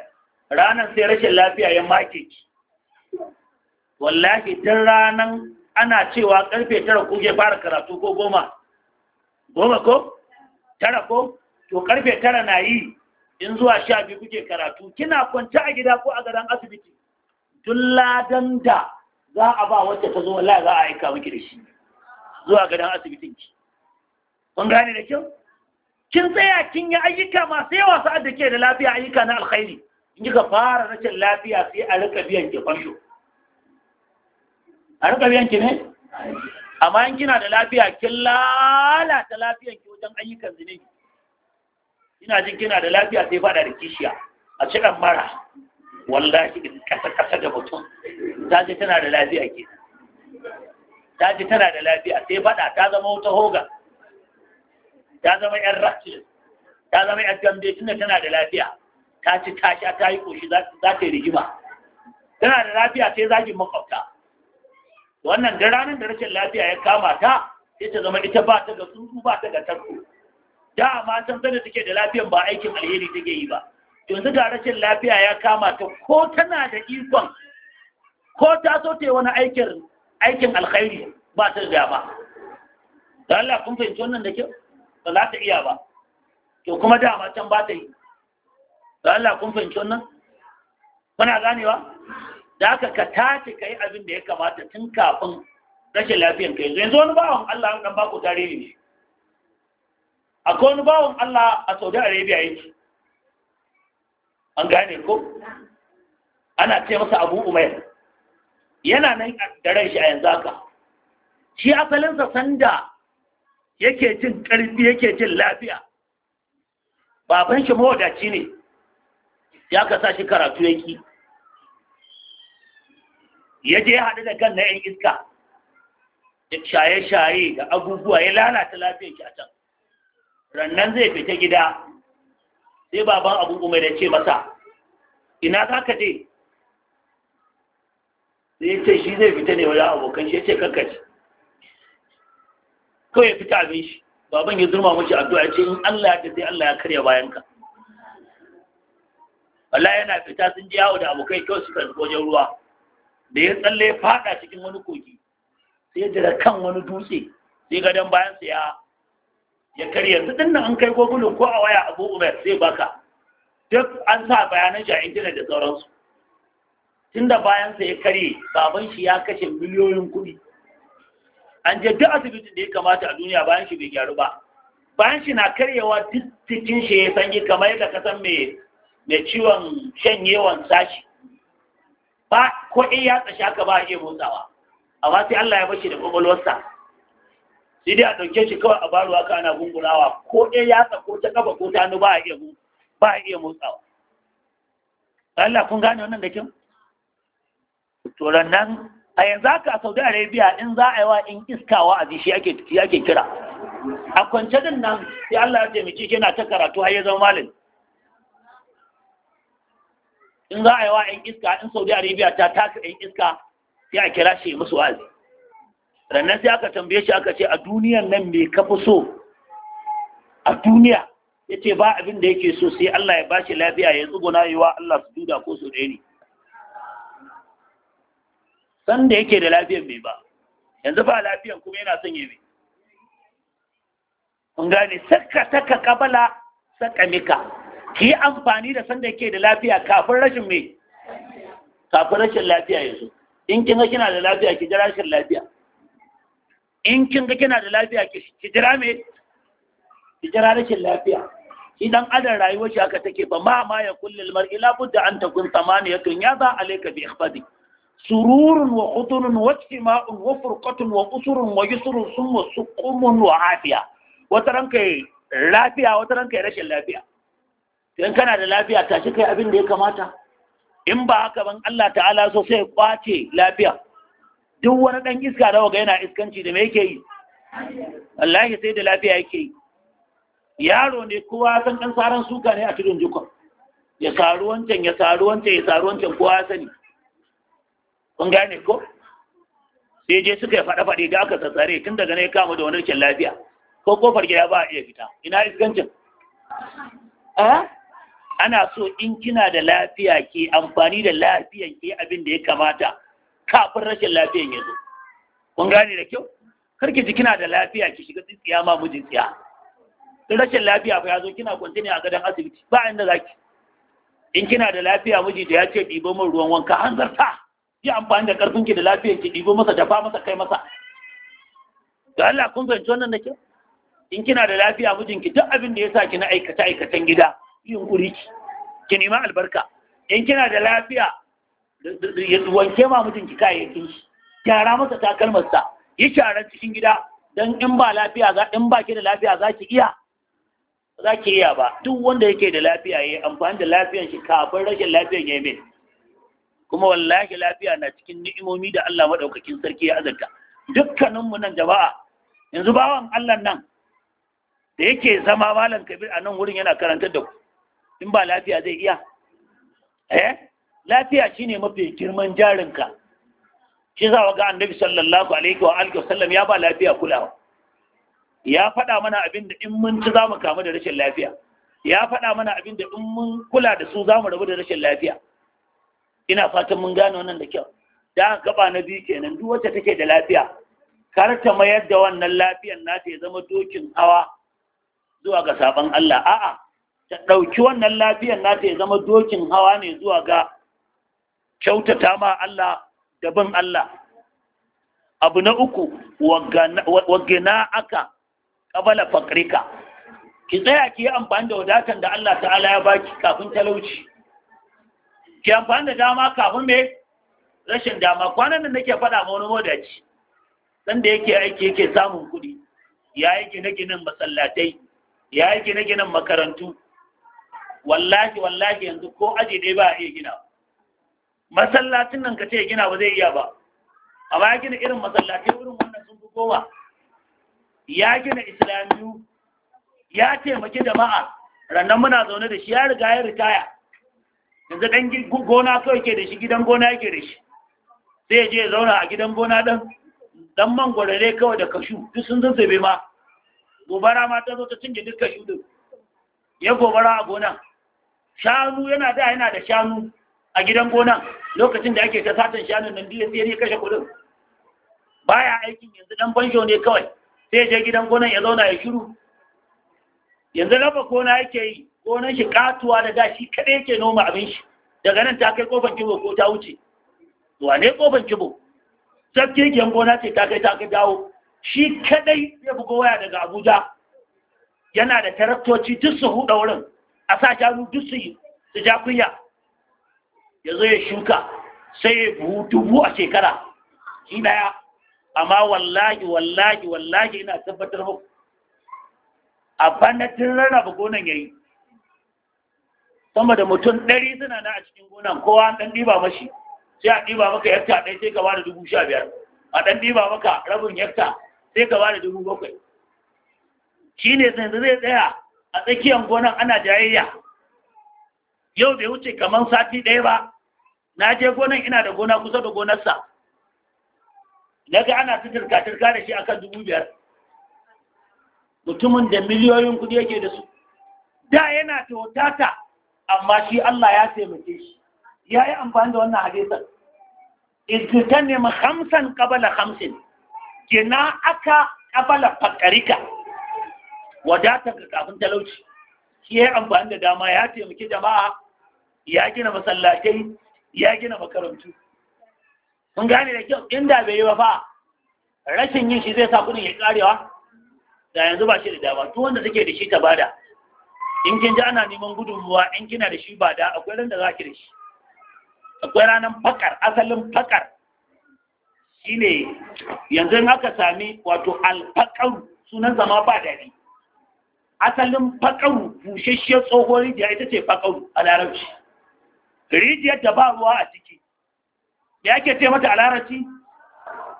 ranar sai rashin lafiya ya make ki wallahi tun ranan ana cewa karfe tara kuke fara karatu ko goma goma ko tara ko to karfe tara na yi in zuwa sha biyu kuke karatu kina kwanta a gida ko a gadon asibiti tun ladan da za a ba wacce ta zo wallahi za a aika miki da shi zuwa gadon asibitin ki kun gane da kyau kin tsaya kin yi ayyuka masu yawa sa'ad da ke da lafiya ayyuka na alkhairi in kika fara rashin lafiya sai a rika biyan ki fansho a rika biyan ki ne amma in kina da lafiya kin lalata lafiyar ki wajen ayyukan zinubi ina jin kina da lafiya sai fada da kishiya a cikin mara wallahi in kasa kasa da mutum ta ji tana da lafiya ke ta ji tana da lafiya sai fada ta zama wata hoga ta zama yan rashin ta zama yan gambe tunda tana da lafiya ta ci ta sha ta yi koshi za ta yi rigima tana da lafiya sai zagin makwabta wannan da ranar da rashin lafiya ya kama ta ita zama ita ba ta ga tsuntsu ba ta ga tarko da ma san da take da lafiyan ba aikin alheri take yi ba yanzu ga rashin lafiya ya kama ta ko tana da ikon ko ta so ta yi wani aikin aikin alkhairi ba ta da ba da Allah kun fahimci wannan da kyau ba za ta iya ba to kuma da amma can ba ta yi da Allah kun fahimci wannan kuna ganewa da aka ka tashi ka yi abin da ya kamata tun kafin rashin lafiyan kai. yanzu yanzu wani bawon Allah an ba ku tarihi ne akwai wani bawon Allah a Saudi Arabia yake an gane ko ana ce masa Abu umar yana nan da ran shi a yanzu haka shi sa sanda yake jin karfi yake jin lafiya baban shi mawadaci ne ya ka sa shi karatu yake ya je ya haɗu da kan na 'yan iska da shaye-shaye da abubuwa ya lalata lafiyar shi a can rannan zai fita gida sai baban abu umar ya ce masa ina za ka je sai ce shi zai fita ne wajen abokan shi ya ce kakaci kawai ya fita abin shi baban ya zurma mace addu'a ya ce in Allah ya sai Allah ya karya bayanka Allah yana fita sun ji yawo da abokai kawai suka wajen ruwa da ya tsalle ya fada cikin wani kogi sai jira kan wani dutse sai gadon bayan sa ya ya karya su dinnan an kai gogulu ko a waya abu umar sai baka duk an sa bayanan shi a intanet da sauransu da bayan sa ya karye baban shi ya kashe miliyoyin kuɗi an je duk asibitin da ya kamata a duniya bayan shi bai gyaru ba bayan shi na karyewa duk cikin shi ya sanyi kamar yadda ka mai ciwon shanyewan sashi ba ko in ya tsashi haka ba iya motsawa amma sai Allah ya bashi da kwakwalwarsa sai dai a ɗauke shi kawai a baro haka ana gungurawa ko in ya tsako ta kafa ko ta hannu ba a iya ba a iya motsawa Allah kun gane wannan da kin to nan a yanzu haka Saudi Arabia in za a yi wa in iskawa a shi ake shi ake kira a kwance din nan sai Allah ya taimake shi yana ta karatu har ya zama malami in za a yi wa 'yan iska in saudi arabia ta taka 'yan iska sai a kira shi musu wazi rannan sai aka tambaye shi aka ce a duniyan nan me ka so a duniya ya ce ba abin da yake so sai Allah ya bashi lafiya ya tsuguna yi wa Allah su duda ko su ne san da yake da lafiyan mai ba yanzu ba lafiyan kuma yana son yi kun gane saka kabala saka mika ki yi amfani da sanda yake da lafiya kafin rashin me kafin rashin lafiya yanzu in kin ga kina da lafiya ki jira rashin lafiya in kin ga kina da lafiya ki jira me ki jira rashin lafiya Idan adan rayuwar shi haka take ba ma ma ya kullul mar'i la budda an takun samaniyatun ya za alayka bi ikhfadi sururun wa khutunun wa istima'un wa furqatun wa usurun wa yusrun summa suqumun wa afiya wata ranka lafiya wata ranka rashin lafiya in kana da lafiya tashi kai abin da ya kamata in ba haka ban Allah ta'ala so sai kwace lafiya duk wani dan iska da waga yana iskanci da me yake yi wallahi sai da lafiya yake yi yaro ne kowa san dan saran suka ne a tudun jukon ya saru wancan ya saru wancan ya saru wancan kowa sani kun gane ko sai je suka yi faɗa faɗi da aka sassare tun daga ne kama da wani rikin lafiya ko kofar gida ba a iya fita ina iskancin eh ana so in kina da lafiya ke amfani da lafiyan ke abin da ya kamata kafin rashin lafiyan ya zo kun gane da kyau Kar ki ji kina da lafiya ki shiga tsintsiya ma mijin tsiya in rashin lafiya fa ya zo kina kwance ne a gadon asibiti ba inda zaki in kina da lafiya miji da ya ce ɗibo min ruwan wanka hanzarta yi amfani da ƙarfin ki da lafiyar ki ɗibo masa Jafa masa kai masa ga Allah kun fahimci wannan da kyau in kina da lafiya mijinki duk abin da ya sa ki na aikata aikatan gida yunkuri ki ki nema albarka in kina da lafiya wanke ma mutum ki kayayyakin shi gyara masa sa yi sharar cikin gida don in ba lafiya za in ba ki da lafiya za ki iya za ki iya ba duk wanda yake da lafiya ya amfani da lafiyar shi kafin rashin lafiyar ya mai kuma wallahi lafiya na cikin ni'imomi da Allah madaukakin sarki ya azurta dukkaninmu nan jama'a yanzu bawan Allah nan da yake zama malam kabir a nan wurin yana karantar da ku in ba lafiya zai iya eh lafiya shine mafi girman jarinka shi za ga annabi sallallahu alaihi wa alihi wasallam ya ba lafiya kulawa ya faɗa mana abin da in mun ci zamu kamu da rashin lafiya ya faɗa mana abin da in mun kula da su zamu rabu da rashin lafiya ina fatan mun gane wannan da kyau da gaba na biyu kenan duk wacce take da lafiya kar ta mayar da wannan lafiyar nata ya zama dokin hawa zuwa ga sabon Allah a'a ta ɗauki wannan lafiyar nata ya zama dokin hawa ne zuwa ga kyautata ma Allah da bin Allah abu na uku wagina aka ƙabala fakrika ki tsaya ki yi amfani da wadatan da Allah ta'ala ya baki kafin talauci ki amfani da dama kafin mai rashin dama kwanan da nake faɗa ma wani wadaci dan da yake aiki yake samun kuɗi ya yi gine-ginen masallatai ya yi gine-ginen makarantu wallahi wallahi yanzu ko aji dai ba iya gina masallacin nan ka ce gina ba zai iya ba amma ya gina irin masallaci irin wannan sun fi kowa ya gina islamiyu ya taimaki jama'a rannan muna zaune da shi ya riga ya ritaya yanzu ɗan gona kawai ke da shi gidan gona yake da shi sai je zauna a gidan gona ɗan dan man gwarare kawai da kashu duk sun zazzabe ma gobara ma ta zo ta cinye duk kashu ɗin. ya gobara a gona shanu yana da yana da shanu a gidan gona lokacin da ake ta satan shanun nan biyu sai ya kashe kudin baya aikin yanzu dan banjo ne kawai sai je gidan gona ya zauna ya shiru yanzu raba gona yake yi gonan shi katuwa da da shi kadai yake noma abin shi daga nan ta kai kofan kibo ko ta wuce wane kofan kibo gidan gona ce ta kai ta kai dawo shi kadai ya bugo waya daga abuja yana da taraktoci duk su huda wurin a sa shanu duk su su ja kunya ya zo ya shuka sai ya buhu dubu a shekara shi daya amma wallahi wallahi wallahi ina tabbatar muku a banatin tun ba gonan yayi sama da mutum ɗari suna na a cikin gonan kowa an ɗan ɗiba mashi sai a ɗiba maka yakta ɗaya sai ka bada dubu sha biyar a ɗan ɗiba maka rabin yakta sai ka bada dubu bakwai shi ne yanzu zai tsaya a tsakiyar gonan ana jayayya yau bai wuce kamar sati ɗaya ba na je gonan ina da gona kusa da gonarsa na ga ana turka-turka da shi akan dubu biyar mutumin da miliyoyin kudi yake da su da yana tautata amma shi Allah ya taimake shi ya yi amfani da wannan hadisar izgitan ne mu hamsan kabala hamsin gina aka kabala fakarika wadatar ka kafin talauci shi ya amfani da dama ya taimaki jama'a ya gina masallatai ya gina makarantu mun gane da kyau inda bai yi ba fa rashin yin shi zai sa kudin ya karewa da yanzu ba shi da dama to wanda take da shi ta bada in kin ji ana neman gudunmuwa in kina da shi bada, akwai ran da za ki da shi akwai ranar fakar asalin fakar shine yanzu in aka sami wato alfakar sunan zama ba dadi asalin fakaru bushashiyar tsohon rijiya ita ce fakaru a larabci rijiyar da ba ruwa a ciki ya ke ce mata a larabci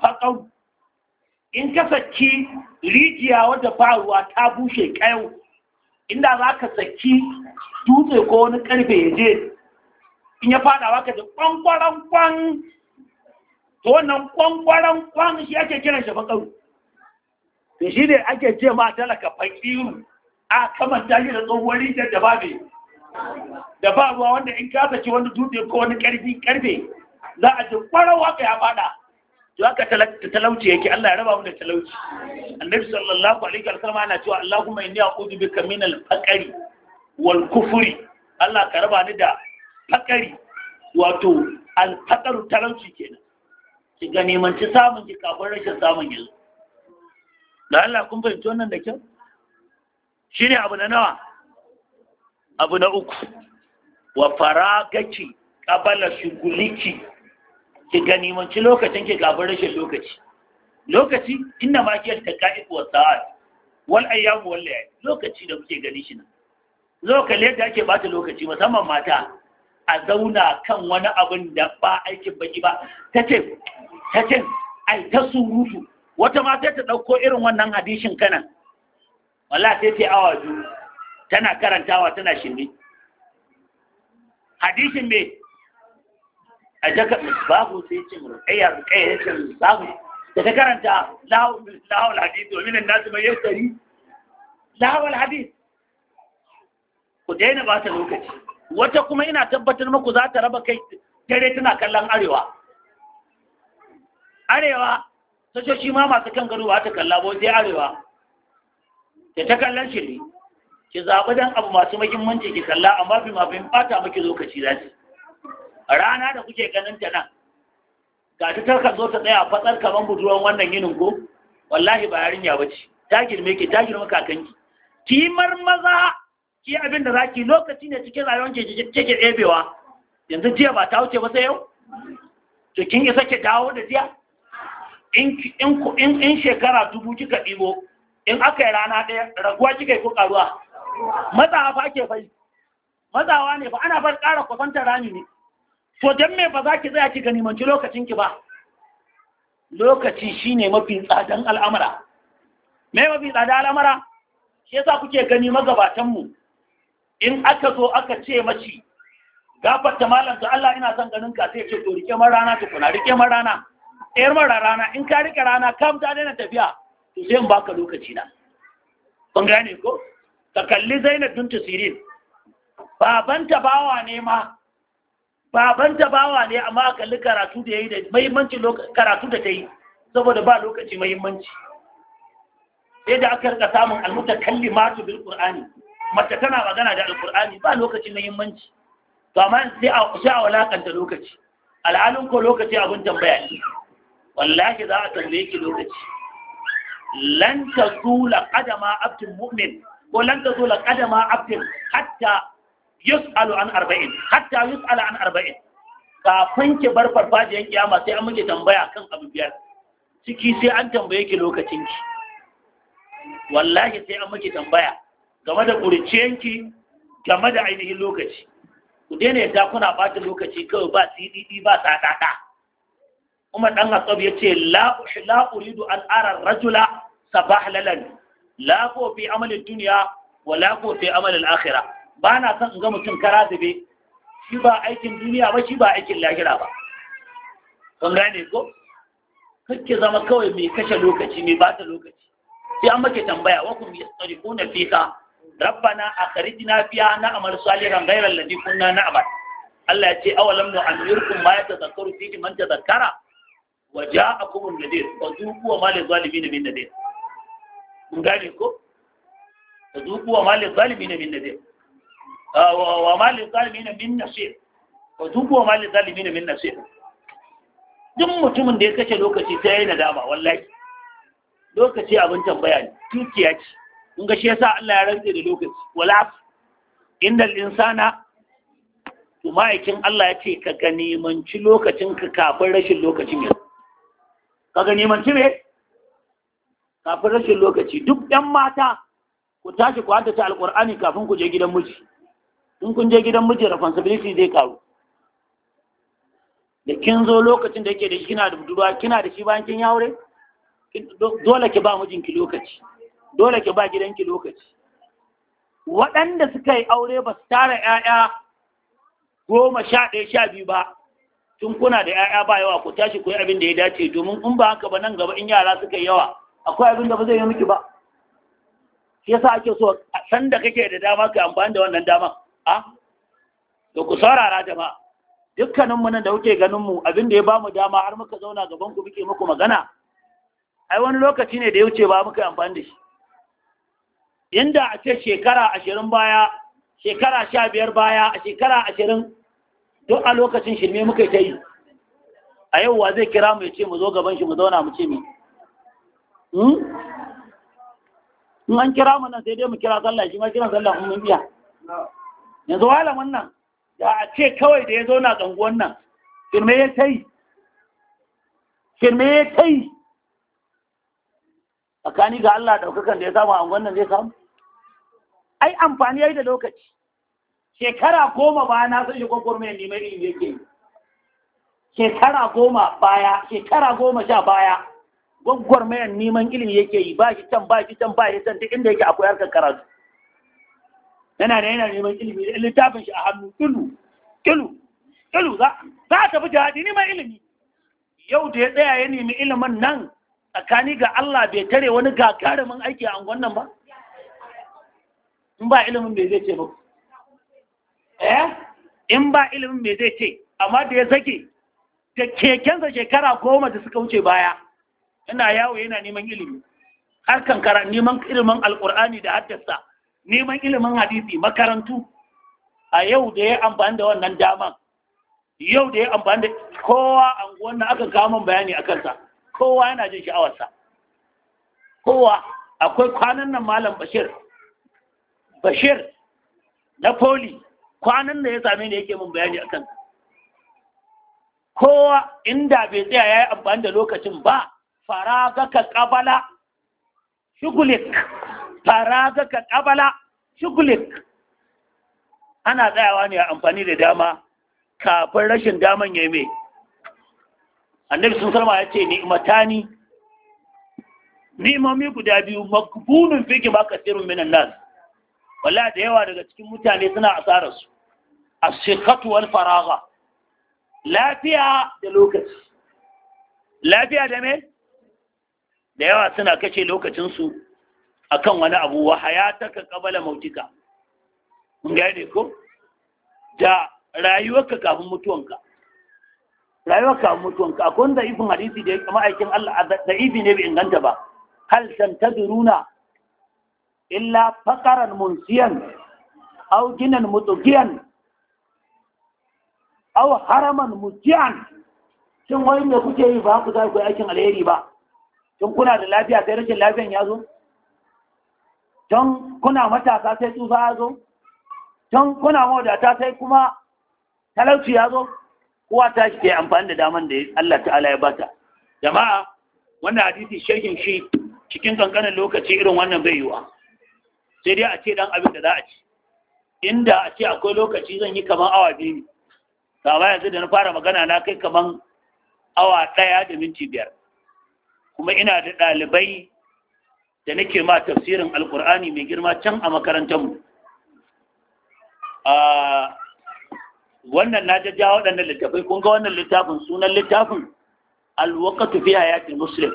fakaru in ka saki rijiya wadda ba ruwa ta bushe kayo inda za ka saki dutse ko wani karfe ya je in ya fada waka da ƙwanƙwaran kwan to wannan ƙwanƙwaran kwan shi ake kiran shi fakaru da shi ne ake ce ma talaka fakiru a kamar shi da tsohuwar rijiyar da ba da ba ruwa wanda in ka saki wani dutse ko wani karfi karfe za a ji kwarawa ka ya fada to haka talauci yake Allah ya raba mu da talauci annabi sallallahu alaihi wa sallam yana cewa Allahumma inni a'udhu bika min al-faqri wal kufri Allah ka raba ni da fakari wato al-faqru talauci kenan ki ga neman ci samun ki kafin rashin samun yanzu da Allah kun fahimci wannan da kyau shine abu na nawa abu na uku wa faragaki qabala shuguliki ki ganimanci lokacin ki kafin rashin lokaci lokaci inda ma kiyar ta ka'i wa sa'ad wal ayyam wal layali lokaci da muke gani shi nan lokacin yadda ake bata lokaci musamman mata a zauna kan wani abin da ba aikin baki ba ta ce ta ce ai ta surutu wata ma ta ɗauko irin wannan hadishin kanan wala sai ta awa biyu tana karantawa tana shirme hadisin me a jaka babu sai ce ruqayya kai ya ce babu da ta karanta lahu lahu domin wa min an-nas man yaftari lahu ku daina ba ta lokaci wata kuma ina tabbatar muku za ta raba kai dare tana kallon arewa arewa sashoshi ma masu kan gado ba ta kalla ba sai arewa ke ta kallon shi ne ki zaɓi dan abu masu mahimmanci ki kalla amma bi ma bin bata miki lokaci za ki rana da kuke ganin ta nan ga ta tarka zo ta tsaya fatsar kaman budurwan wannan yinin ko wallahi ba yarinya bace ta girme ki ta girme kakanki ki marmaza ki abin da zaki lokaci ne cikin rayuwar ki kike ɗebewa yanzu jiya ba ta wuce ba sai yau to kin isa ki dawo da jiya in in in shekara dubu kika ɗibo in aka yi rana ɗaya raguwa kika yi ko ƙaruwa matsawa fa ake fai matsawa ne fa ana bar ƙara kwasantar rani ne to don me ba za ki tsaya ki ganimanci lokacin ki ba lokaci shine mafi tsadan al'amura me mafi tsadan al'amura shi yasa kuke gani magabatanmu in aka zo aka ce mace. gafarta malam ta Allah ina son ganin ka sai ce to rike man rana tukuna rike man rana ɗayar mara rana in ka rike rana kam ta daina tafiya to sai in baka lokaci na ban gane ko ka kalli Zainab bint Sirin babanta bawa ne ma babanta bawa ne amma kalli karatu da yayi da muhimmanci karatu da ta yi saboda ba lokaci muhimmanci sai da aka rika samun almutakallimatu bil qur'ani mace tana magana da alqur'ani ba lokaci muhimmanci to amma sai a sai a walakanta lokaci al'alun ko lokaci abun tambaya ne wallahi za a tambaye ki lokaci lan tazula qadama abdin mu'min ko lan tazula qadama abdin hatta yus'alu an arba'in hatta yus'ala an arba'in kafin ki bar farfajiyan kiyama sai an muke tambaya kan abu biyar ciki sai an tambaye ki lokacin ki wallahi sai an muke tambaya game da ki game da ainihin lokaci ku daina yadda kuna ɓata lokaci kawai ba cdd ba sadada Umar dan Khattab ya ce, la uridu an ara rajula sabahlalan la ko fi amali wa la ko fi amali al ba na san in ga mutum kara zube shi ba aikin duniya ba shi ba aikin lahira ba kun gane ko kake zama kawai mai kashe lokaci mai bata lokaci sai an make tambaya wa kum na, fika rabbana fiya, na na'mal salihan ghayra alladhi kunna na'mal Allah ya ce awalam nu'ammirkum ma yatadhakkaru fihi man zakara wa ja'akum an-nadir wa zuqu malin zalibi zalimin min nadir mun gane ko wa zuqu wa zalibi zalimin min nadir ah, wa zalibi zalimin min nasir wa zuqu malin zalibi zalimin min nasir duk mutumin da ya kace lokaci sai ya nadama wallahi lokaci abin tambaya ne tukiya ce kun ga shi yasa Allah ya rantse da lokaci wala inda insana to ma'aikin Allah ya ce ka ganimanci lokacin ka kafin rashin lokacin ya kaga neman me kafin rashin lokaci duk yan mata ku tashi ku haddata Alƙur'ani kafin ku je gidan miji in kun je gidan miji responsibility zai karu da kin zo lokacin da yake da kina da budurwa kina da shi bayan kin aure, dole ki ba mijinki lokaci dole ki ba gidanki lokaci waɗanda suka yi aure ba su tara 'ya'ya goma sha ɗaya sha biyu ba tun kuna da 'ya'ya ba yawa ku tashi ku yi abin da ya dace domin in ba haka ba nan gaba in yara suka yi yawa akwai abin da ba zai yi miki ba shi yasa ake so san da kake da dama ka amfani da wannan dama a da ku saurara ba dukkanin mu nan da kuke ganin mu abin da ya ba mu dama har muka zauna gaban ku muke muku magana ai wani lokaci ne da ya wuce ba muka amfani da shi inda a ce shekara ashirin baya shekara sha biyar baya a shekara ashirin duk a lokacin shirme muka ta yi a yau wa zai kira mu ya ce mu zo gaban shi mu zauna mu ce mi hmm? in an kira mu nan sai dai mu kira sallah shi ma kira sallah mun biya yanzu wala wannan da a ce kawai da ya zo na kanguwan nan shirme ya ta yi shirme ya ta yi tsakani ga Allah daukakan da ya samu a wannan zai samu ai amfani yayi da lokaci shekara goma baya na san shi neman limari yake yi. shekara goma baya shekara goma sha baya gwagwarmayar neman ilimi yake yi ba shi can ba shi can ba shi can duk inda yake akwai harkar karatu yana da yana neman ilimi da littafin shi a hannu tulu tulu tulu za a tafi jihadi neman ilimi yau da ya tsaya ya nemi ilimin nan tsakani ga Allah bai tare wani gagarumin aiki a angon nan ba in ba ilimin bai zai ce ba eh in ba ilimin me zai ce amma da ya sake da kekensa shekara goma da suka wuce baya ina yawo yana neman ilimi harkan kara neman ilimin alkur'ani da haddasa neman ilimin hadisi makarantu a yau da ya amfani da wannan daman yau da ya amfani da kowa wannan aka kawo bayani a kansa kowa yana jin sha'awarsa kowa akwai kwanan nan malam bashir bashir na poli kwanan da ya same ni yake mun bayani akan kowa inda bai tsaya ya yi amfani da lokacin ba faragaka kabala shugulik faragaka kabala shugulik ana tsayawa ne a amfani da dama kafin rashin daman ya mai annabi sun salma ya ce ni'matani nimami guda biyu makbunun fiki ba kasirun minan nasu Wala da yawa daga cikin mutane suna asarar su as wal faragha lafiya da lokaci lafiya da me da yawa suna kace lokacin su akan wani abu wa hayataka kabala mautika mun ga ne ko da rayuwarka kafin mutuwanka rayuwarka kafin mutuwanka akwai wanda ifin hadisi da ma'aikin Allah da ibi ne bai inganta ba hal tadruna illa fakaran munsiyan au ginan mutugiyan au haraman mujiyan shin wani me kuke yi ba ku za ku aikin alheri ba shin kuna da lafiya sai rashin lafiyan ya zo don kuna matasa sai tsufa ya zo don kuna mawadata sai kuma talauci ya zo kowa ta shi ta amfani da daman da Allah ta'ala ya bata jama'a wannan hadisi shekin shi cikin kankanin lokaci irin wannan bai yiwa sai dai a ce dan abin da za a ci inda a ce akwai lokaci zan yi kaman awa biyu ne ba yanzu da na fara magana na kai kaman awa ɗaya da minti biyar kuma ina da ɗalibai da nake ma tafsirin alkur'ani mai girma can a makarantar a wannan na jajja waɗannan littafai kun ga wannan littafin sunan littafin alwakatu fi hayatin muslim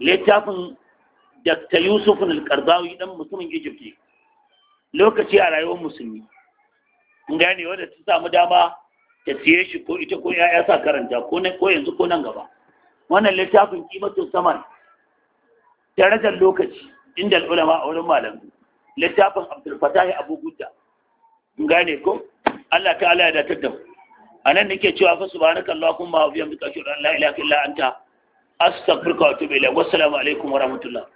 littafin Dakta Yusuf al-Qardawi dan mutumin Egypt lokaci a rayuwar musulmi gane wadda ta samu dama ta siye shi ko ita ko ya sa karanta ko yanzu ko nan gaba wannan littafin kimatu saman darajar lokaci inda ulama a wurin malam littafin Abdul Fatah Abu Gudda gane ko Allah ta'ala ya datar da a nan nake cewa fa bani allahumma wa bihamdika ashhadu an la ilaha illa anta astaghfiruka wa atubu ilayk wassalamu alaikum wa rahmatullah